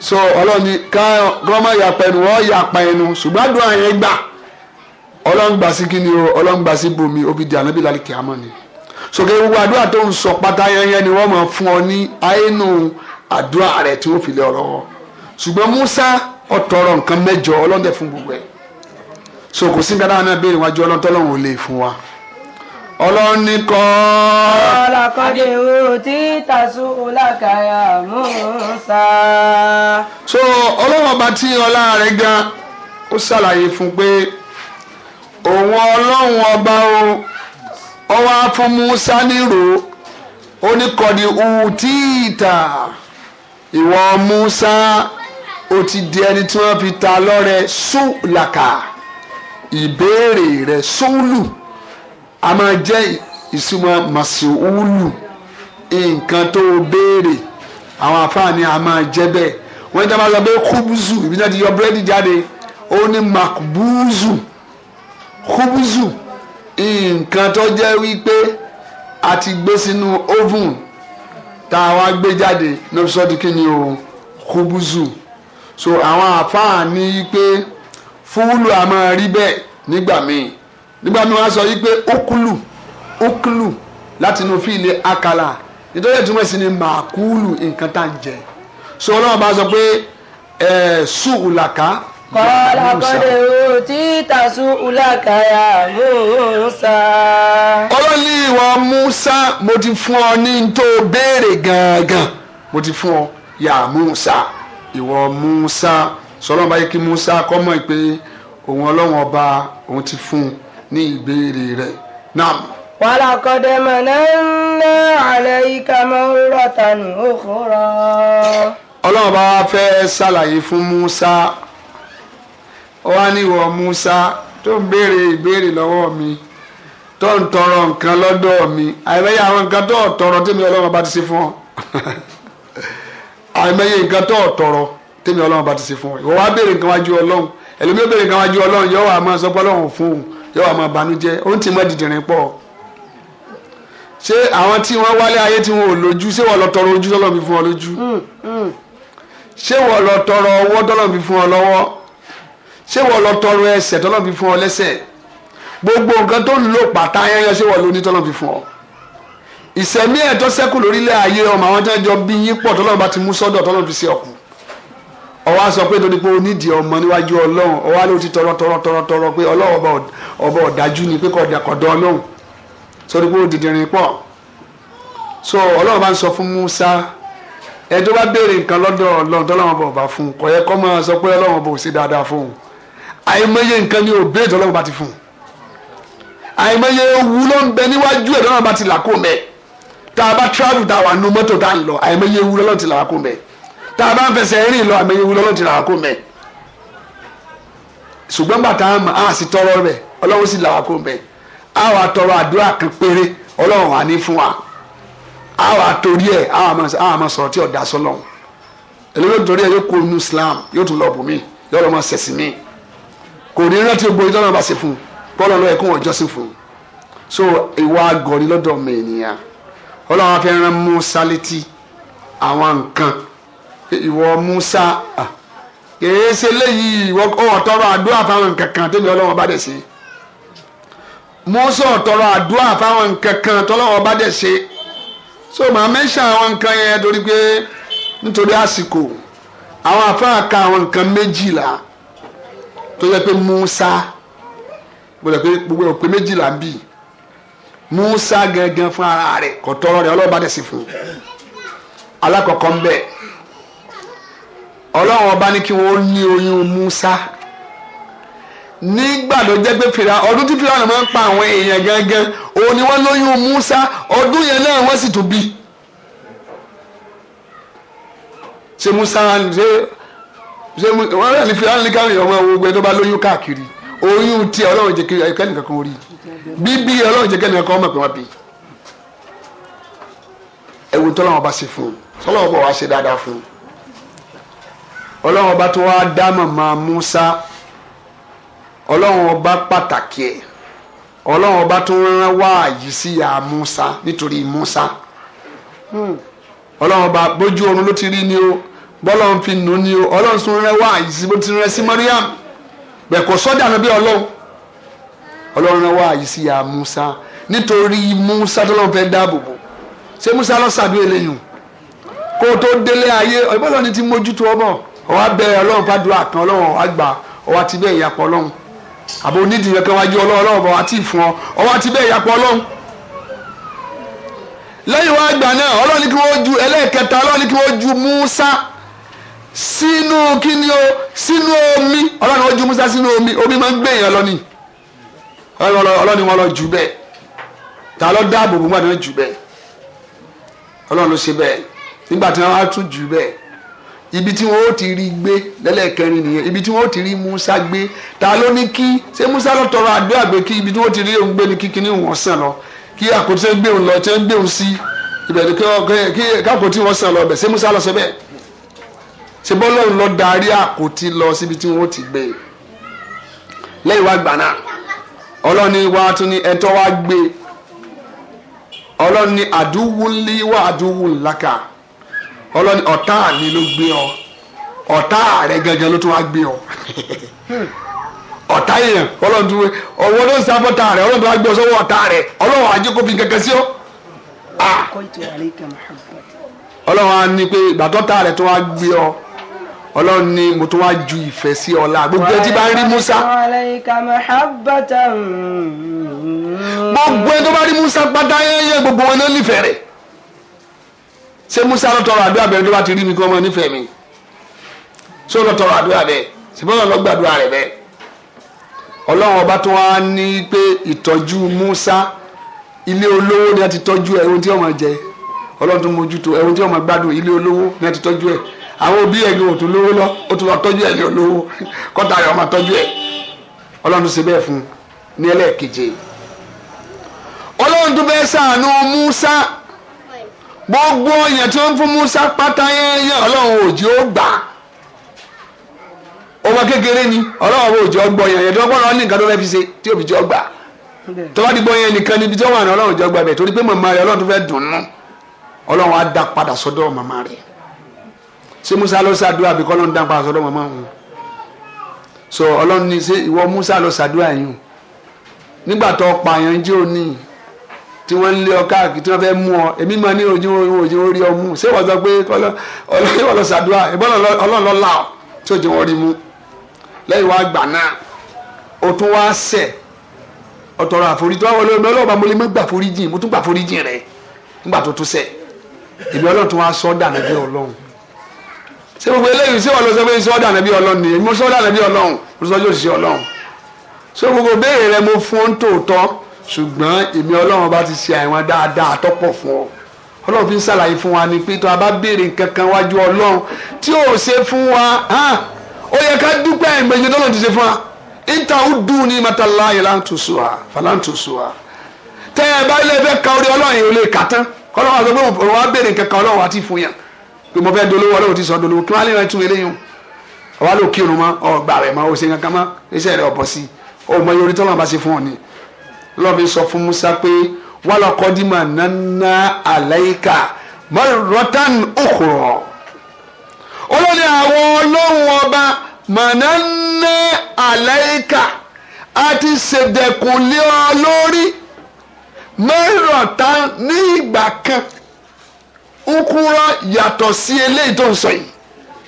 so ọlọ́run ni ká kọ́ máa yàpẹ̀ ẹnu wọ́n pa ẹnu ṣùgbọ́n àdúrà yẹn gbà ọlọ́ngbà sí kí ni o ọlọ́ngbà sí bomi ó fi di ànábì lálẹ́ kìámọ́ ni sókè gbogbo àdúrà tó ń sọ pátá ni wọ́n máa fún ọ ní àyínú àdúrà rẹ̀ tí ó fi lé ọ lọ́wọ́ ṣùgbọ́n Musa ó tọrọ nǹkan mẹ́jọ ọlọ́dẹ fún gbogbo ẹ̀ so kò sí nǹkan dáhùn náà béèrè wájú ọlọ́tọ́lọ́hún ò lè fún wa ọlọ́run ní kọ́. ọlọ́kọ́dé wo tí tàṣù ọlákàyà Musa. so ọlọ́wọ́n bá tí ọlá rẹ̀ gan ó òun ọlọ́run ọba o ó wá fún Musa nírò ó ní kọ́ni ùtíìtà ìwọ Musa ó ti di ẹni tí wọ́n fi ta lọ́rẹ sùlàkà ìbéèrè rẹ̀ sùlù a máa jẹ́ ìsúnmọ́ màsíwúlù nǹkan tó o béèrè àwọn afáàní a máa jẹ́ bẹ́ẹ̀ wọ́n ní dábàá lọ bẹ́ẹ̀ kúbùzù ìbí náà ti yọ búrẹ́dì jáde ó ní màkúbùzù kúbúzù nǹkan tó jẹ́ wípé a ti gbé sínú oven tá a wá gbé jáde lóbi sọ́ọ́ di kí ni o kúbúzù so àwọn àfáà ní wípé fúlù a máa rí bẹ́ẹ̀ nígbà míì nígbà míì wọ́n sọ wípé ókúlù ókúlù láti inú fíìlì akala nítorí ìtumọ̀ sí ni màkúlù nǹkan tá à jẹ so ọlọ́run bá sọ pé ẹ̀ẹ́sù làkà kọ́lá kọ́dé o tí tàṣù ulákàyà Musa. ọlọ́run ní ìwọ Musa mo ti fún ọ ní tó béèrè gangan Musa ìwọ Musa sọlọ́n báyìí kí Musa kọ́ mọ̀ pé òun ọlọ́run ọba òun ti fún un ní ìbéèrè rẹ̀ náà. ولقد مننا عليك مرة أخرى. ọlọ́run bá fẹ́ ṣàlàyé fún Musa ó wá ní Musa tó ń béèrè ìbéèrè lọ́wọ́ mi tó ń tọrọ nǹkan lọ́dọ̀ mi àìmọye àwọn nǹkan tó tọrọ tèmi Ọlọ́run bá ti ṣe fún ọ àìmọye nǹkan tó tọrọ tèmi Ọlọ́run bá ti ṣe fún ọ ìwọ wá béèrè nǹkan wájú Ọlọ́run ẹlòmíì ó béèrè nǹkan wájú Ọlọ́run yọ wà máa sọ pé Ọlọ́run fún òun yọ wà máa banújẹ́ òun ti mọ dìdìrín pọ̀ ṣé àwọn tí wọ́n wálé ayé tí wọ́n ò lójú ṣé wọ́n lọ tọrọ ojú tọ́lọ́ mi fún ọ lójú hmm, hmm. ṣé wọ́n lọ tọrọ ọwọ́ tọ́lọ́ mi fún ọ lọ́wọ́ ṣé wọ́n lọ tọrọ ẹsẹ̀ tọ́lọ́ fi fún ọ lẹ́sẹ̀ gbogbo nǹkan tó ń lò pàtà ayẹyẹ ṣé wọ́n lò ní tọ́lọ́ fi fún ọ ìsẹ̀mí ẹ̀ tó sẹ́kù lórílẹ̀ ayé ọmọ àwọn tí wọ́n jọ bí yín pọ̀ tọ́lọ́ bá ti mú sọ́dọ̀ tọ́lọ́ fi ṣe ọ̀kú ọwọ́ a sọ pé tó ní pé o nídìí ọmọ níwájú ọlọ́run ọwọ́ alẹ́ o ti tọrọ tọrọ tọrọ tọrọ pé ọlọ́run ọba ọ̀dájú ni pé kọ̀dọ̀ ọlọ́run sórí pé o dìdìrín pọ̀ so ọlọ́run bá ń sọ fún Musa ẹ tó bá béèrè nǹkan lọ́dọ̀ ọlọ́run tọ́lọ́run ọba ọba fún kò yẹ kó máa sọ pé ọlọ́run ọba ò sí dáadáa fún un àìmọye nǹkan ni òbí ètò ọlọ́run bá ti fún un àìmọye ewu ló ń bẹ níwájú ẹ̀dọ́ náà bá ti là mẹ́ tá a bá travel tá a wà nu mọ́tò tá a ń lọ àìmọye ewu lọ́lọ́ ti là kó mẹ́ tá a bá ń fẹsẹ̀ rìn lọ àìmọye ewu lọ́lọ́ ti là kó mẹ́ ṣùgbọ́n bàtà àmà á sì tọrọ rẹ̀ ọlọ́run sì là wá mẹ́ á wà tọrọ àdúrà kan péré ọlọ́run wà ní fún wa á wà torí ẹ̀ á wà máa sọ̀rọ̀ tí ọ̀dà sọlọ́run ẹlẹ́wọ̀n torí ẹ̀ yóò kó nu Islam yóò tún lọ bùnmí yóò lọ́ mọ́ sẹ̀sìn míì kò ní rántí gbogbo ìtọ́nà bá ṣe fún un bọ́ọ̀lù ọ̀nà ẹ̀kún wọn jọ́sìn fún un so ìwà àgọ̀rí lọ́dọ̀ ọmọ ènìyàn ọlọ́run fẹ́ rán Musa létí àwọn nǹkan ìwọ Musa kìí ṣe léyìí ìwọ ọ̀tọ́rọ àdúrà fáwọn nǹkan kan tẹ́lẹ̀ ọlọ́run bá dẹ̀ ṣe Musa ọ̀tọ́rọ àdúrà fáwọn nǹkan kan tọ́lọ́run bá dẹ̀ ṣe so màá mẹ́ṣà àwọn nǹkan yẹn torí pé nítorí àsìkò àwọn àfáà ka àwọn nǹkan méjìlá tó yẹ pé Musa gbọ́dọ̀ pé gbogbo ẹ pé méjìlá bì Musa gangan fún ara rẹ̀ kò tọrọ rẹ̀ Ọlọ́run bá dẹ̀ sí fún un alákọ̀ọ́kọ́ ń bẹ̀ Ọlọ́run ọba ní kí wọ́n ní oyún Musa nígbà tó jẹ́ pé fìlà ọdún tí fìlà náà máa ń pa àwọn èèyàn gangan òun ni wọ́n lóyún Musa ọdún yẹn náà wọ́n sì tún bí ṣe Musa ṣe ṣe wọn rẹ ní fi láti ká ìyọmọ ogun tó bá lóyún káàkiri oyún tí Ọlọ́run jẹ kiri ayọkẹ nìkan kan rí bíbí Ọlọ́run jẹ kẹ nìkan kan mọ pé wọn bí ẹwù tọ́lọ́wọ́n bá ṣe fún tọ́lọ́wọ́n bá wá ṣe dáadáa fún Ọlọ́run bá tó wá dá màmá Musa Ọlọ́run ọba pàtàkì ẹ̀ Ọlọ́run ọba tó rán wáàyí sí ya Musa nítorí Musa hmm. Ọlọ́run ọba bójú oorun ló ti rí ni o bọ́lọ́n fi nù ni o ọlọ́run tún rẹ wá àyíṣí bó ti rẹ sí Mariam bẹ́ẹ̀ kò sọ́jà ní bí ọlọ́run ọlọ́run rẹ wá àyíṣí ya Musa nítorí Musa tó lọ́n fẹ́ dáàbò bò ṣé Musa lọ sàbí eléyìí kó o tó délé ayé ọ̀bọ̀lọ́ ni ti mójútó ọmọ ọwọ́ abẹ́rẹ́ ọlọ́run fàdúrà kan ọlọ́run àgbà ọwọ́ àti bẹ́ẹ̀ ìyapọ̀ ọlọ́run àbò onídìí yẹn kan wájú ọlọ́run ọwọ́ àti ìfún ọ ọwọ́ àti bẹ́ẹ̀ ìyapọ̀ ọlọ́run lẹ́yìn wá gbà náà ọlọ́run ní kí wọ́n ju ẹlẹ́ẹ̀kẹta ọlọ́run ní kí wọ́n ju Musa sínú kíni o sínú omi ọlọ́run ó jù Musa sínú omi omi máa ń gbé èèyàn lọ ni ọlọ́run wọn lọ jù bẹ́ẹ̀ ta ló dáàbò bò wọn lọ jù bẹ́ẹ̀ ọlọ́run ló ṣe bẹ́ẹ̀ nígbà tí wọ́n á tún jù bẹ́ẹ̀ ibi tí wọn ó ti rí gbé lẹ́lẹ́kẹrin nìyẹn ibi tí wọn ó ti rí Musa gbé ta ló ní kí ṣé Musa lọ tọrọ àdúrà gbé kí ibi tí wọn ti rí òun gbé ni kí kíní wọn sàn lọ kí àkótí gbé òun lọ tí wọn gbé òun sí ibẹ̀ ni kí àkótí wọn sàn lọ bẹ̀ ṣé Musa lọ sọ bẹ́ẹ̀ ṣe bọ́lọ́run lọ darí àkótí lọ síbi tí wọ́n ti gbé e lẹ́yìn wá gbà náà ọlọ́run ni wàá tún ní ẹ̀tọ́ wá gbé e ọlọ́run ni àdúwúlí wà àdúwúlákà ọlọ́run ọ̀tá mi ló gbé ọ ọ̀tá rẹ gangan ló tún wá gbé ọ ọ̀tá yẹn ọlọ́run tún wé ọwọ́ ló ń sábọ́tà rẹ ọlọ́run tún wá gbé ọ sọ́wọ́ ọ̀tá rẹ ọlọ́run àjẹ́ kó kankan sí ọ. Ah! ọlọ́run á ní pé ìgbàdọ́ta rẹ tún wá gbé ọ ọlọ́run ni mo tún wá ju ìfẹ́ sí ọlá gbogbo ẹni tí bá rí Musa. gbogbo ẹni tó bá rí Musa pátá yẹ́yẹ́ gbogbo wọn náà nífẹ̀ẹ́ rẹ̀ ṣé Musa ló tọrọ àdúrà bẹ́ẹ̀ tó bá ti rí mi kí wọ́n mọ nífẹ̀ẹ́ mi ṣé ló tọrọ àdúrà bẹ́ẹ̀ ṣùgbọ́n ọ̀nà gbàdúrà rẹ̀ bẹ́ẹ̀ ọlọ́run ọba tó wá ní pé ìtọ́jú Musa ilé olówó ni a ti tọ́jú ẹ̀ ohun tí wọ́n máa jẹ ọlọ́run tó mójútó ẹ̀ ohun tí wọ́n máa gbádùn ilé olówó ni a ti tọ́jú ẹ̀ àwọn òbí ẹ̀ gan òtún lówó lọ ó tún lọ tọ́jú ẹ̀ ní olówó kọ́tà rẹ̀ ọmọ tọ́jú ẹ̀ ọlọ́run ṣe bẹ́ẹ̀ fún un ní ẹlẹ́ẹ̀keje ọlọ́run tó bẹ́ẹ̀ sàánú Musa gbogbo ọyàn tí Musa pátá yẹn yẹn ọlọ́run òjì ó gbà ọmọ kékeré ni ọlọ́run òjì ọgbọ yẹn yẹn tí gbọ́dọ̀ ní nǹkan tó fi ṣe tí òbí jọ gbà yẹn nìkan níbi tí ṣé Musa lọ ṣàdúrà bí kọ́lọ́n dá pa sọ́dọ̀ màmá wọn so ọlọ́run ní ṣé ìwọ Musa lọ ṣàdúrà yìí nígbà tó pààyàn jẹ́ òní tí wọ́n ń lé ọ káàkiri tí wọ́n fẹ́ mú ọ èmi máa ní ojú ojú orí ọ mú ṣé wọ́n sọ pé ọlọ́run lọ ṣàdúrà ìbọn ọlọ́run lọ là ọ tí ò jẹ́ wọ́n rí mú lẹ́yìn wá gbà náà o tún wá sẹ̀ ọ̀tọ̀rọ̀ àforíjì wá wọlé ọmọ ọlọ́ọ̀bá mo lè má gbà foríjì mo tún gbà foríjì rẹ̀ nígbà tó tún sẹ̀ èmi ọlọ́run tún wá sọ dànù bí ọlọ́run ṣé gbogbo eléyìí ṣé ọlọ́sọ pé ṣé ọ̀dà nàbí ọlọ́run ni mo ṣe ọ̀dà nàbí ọlọ́run mo sọ yóò ṣe ọlọ́run ṣé gbogbo béèrè rẹ mo fún ọ́n tòótọ́ ṣùgbọ́n èmi ọlọ́run bá ti ṣe àìwọ̀n dáadáa tọ́pọ̀ fún ọ ọlọ́run fi ń ṣàlàyé fún wa ni pé tó a bá béèrè nǹkan kan wájú ọlọ́run tí ò ṣe fún wa ó yẹ ká dúpẹ́ ìgbẹ́jẹ́ tọ́lọ́run ti ṣe fún wa níta ó dùn ní mọ́tàlá ìlànàtòsùwà fàlàǹtòsùwà tẹ́ ẹ bá ilé ẹgbẹ́ ka orí yìí ò lè kà tán kọ́lọ́run pé mo fẹ́ dolówó ọlọ́run ti sọ dolówó kí wọ́n á lè rántí eléyìí ọwọ́ ló kírun mọ́ ọgbà rẹ̀ mọ́ òsè kankan mọ́ iṣẹ́ rẹ̀ ọ̀bọ̀ sí i ọmọ yorì tó lọ́nà ṣe fún ọ ni lọ́ọ̀bì sọ fún Musa pé wàlọ́ kọ́dímà nánà àlàyíkà mọ́rọ̀tàn òkùrọ̀ olórí àwọn ọlọ́run ọba mọ̀nánà àlàyíkà àti ṣèdẹ̀kùnlé ọ lórí mọ́rọ̀tàn ní ìgbà kan nkúrọ yàtọ̀ sí eléyìí tó ń sọ yìí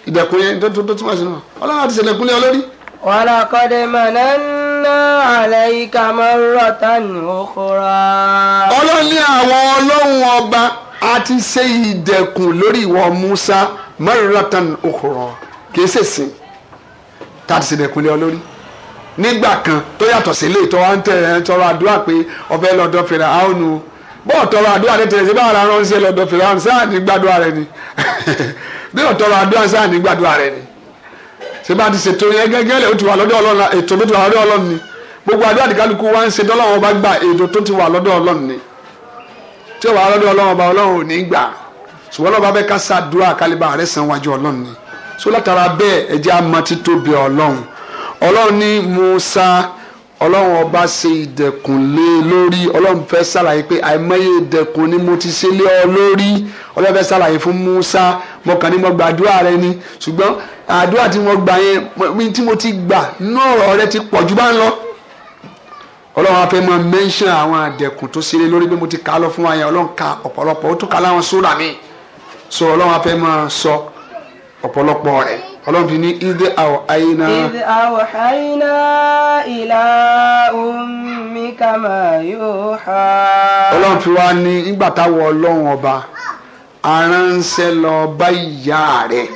ìdẹ̀kùn yẹn tó tó túmọ̀ sí náà ọlọ́run àti sẹ̀lẹ̀kùn lé olórí. wàlá kọ́dé mọ̀nà ńlá àlẹ́ ìka máa ń rọ̀ tánù òkúra. ọlọ́run ní àwọn ọlọ́run ọba àti ṣe ìdẹ̀kùn lórí ìwọ Musa mọ́rọ̀ tánù òkúra kì í ṣèṣin tàbí sẹ̀lẹ̀kùn lé olórí nígbà kan tó yàtọ̀ sí ilé ìtọ́wá ń tẹ̀ ẹ́ tọrọ àdúrà pé ọbẹ̀ lọ́dọ̀ fèrè àwọn bọ́ọ̀ tọrọ àdúrà ní tẹ̀lé sí báwa la ránṣẹ́ lọ́dọ̀ fìlànà sáà gbàdúrà rẹ ni bí ò tọrọ àdúrà sáà gbàdúrà rẹ ni ṣé bá ti ṣètò yẹn gẹ́gẹ́ lẹ́ o ti wà lọ́dọ̀ ọlọ́run ètò mi ti wà lọ́dọ̀ ọlọ́run ni gbogbo àdúrà tí kálukú wa ń ṣe dọ́lọ́run ọba gbà ètò tó ti wà lọ́dọ̀ ọlọ́run ni tí ó wà lọ́dọ̀ ọlọ́run ọba ọlọ́run ò ní so látara bẹ́ẹ̀ ẹ jẹ́ àmọ́ títóbi Musa ọlọ́run ọba ṣe ìdẹ̀kùn lé lórí ọlọ́run fẹ́ ṣàlàyé pé àìmọye ìdẹ̀kùn ni mo ti ṣe lé ọ lórí ọlọ́run fẹ́ ṣàlàyé fún Musa mo kàn ní mo gba àdúrà rẹ ni ṣùgbọ́n àdúrà tí mo gbà yẹn tí mo ti gbà nínú ọ̀rọ̀ rẹ ti pọ̀ jù bá ń lọ ọlọ́run afẹ́ mọ mẹ́ńṣán àwọn àdẹ̀kùn tó ṣe lé lórí pé mo ti kà á lọ fún wa yẹn ọlọ́run ka ọ̀pọ̀lọpọ̀ ó tún ka láwọn sóra mi so ọlọ́run afẹ́ mọ sọ ọ̀pọ̀lọpọ̀ rẹ̀ ọlọ́run fi ní ìdè àwọ̀ àyínà. ìdè àwọ̀ àyínà ìlà omi kàmá yóò ha. ọlọ́run fi wá ní nígbà táwọn ọlọ́run ọba aránṣẹ́ lọ bá ìyá rẹ̀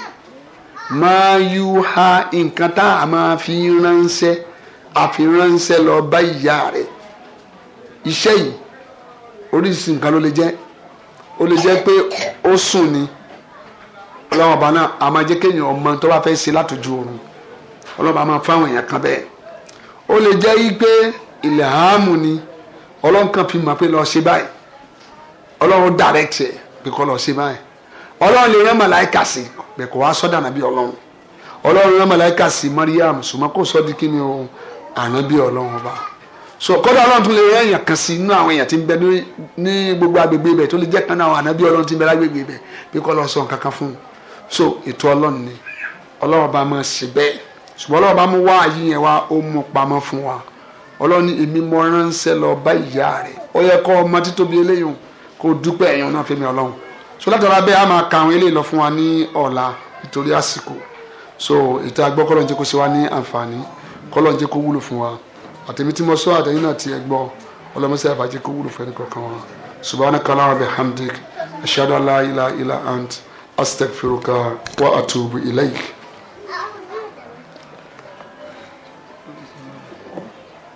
máa yú ha nǹkan tá a máa fi ránṣẹ́ àfi lọ bá ìyá rẹ̀ iṣẹ́ yìí oríṣi nǹkan ló lè jẹ́ ó lè jẹ́ pé ó sùn ni ọlọ́wọ́n ọba náà a máa jẹ́ kéèyàn ọmọ tó bá fẹ́ ṣe látòjú oorun ọlọ́wọ́n ọba máa fáwọn èèyàn kan bẹ́ẹ̀ ó lè jẹ́ yí pé ilẹ̀ hàámù ni ọlọ́wọ́n kan fi mọ̀ pé lọ́ọ́ ṣe báyìí ọlọ́wọ́n direct ẹ̀ pé kọ́ lọ́ọ́ ṣe báyìí ọlọ́wọ́n lè rán màláìka sí bẹ́ẹ̀ kò wá sọ́dà nàbí ọlọ́wọ́n ọlọ́wọ́n rán màláìka sí Mariam ṣùgbọ́n kò sọ́ di kíni o ànábì ọlọ́wọ́n ọba so kọ́dà ọlọ́run tún lè rán èèyàn kan sí inú àwọn èèyàn tí ń bẹ ní gbogbo agbègbè ibẹ̀ tó lè jẹ́ kan náà ànábì ọlọ́run tí ń bẹ lágbègbè ibẹ̀ bí kò lọ́ọ́ sọ nǹkan kan fún un so ètò ọlọ́run ni ọlọ́run bá máa ṣe bẹ́ẹ̀ ṣùgbọ́n ọlọ́run bá mú wá ayé yẹn wá ó mú pamọ́ fún wa ọlọ́run ní èmi mọ ránṣẹ́ lọ bá ìyá rẹ̀ ó yẹ kọ́ ọmọ títóbi eléyìí kó dúpẹ́ ẹ̀yàn náà fẹ́mi ọlọ́run so látara bẹ́ẹ̀ a máa ka àwọn eléyìí lọ fún wa ní ọ̀la nítorí àsìkò so ètò àgbọ̀ kọ́lọ́n jẹ́ kó ṣe wá ní àǹfààní kọ́lọ́n jẹ́ kó wúlò fún wa àtẹ̀mí tí mo sọ àtẹ̀yìn náà ti ẹ̀ gbọ́ ọlọ́mọṣẹ́ àbájẹ́ kó wúlò fún ẹnì kọ̀ọ̀kan wa subhanaka Allahumma bihamdik ashhadu an la ila illa ant astagfiruka wa atubu ilayk.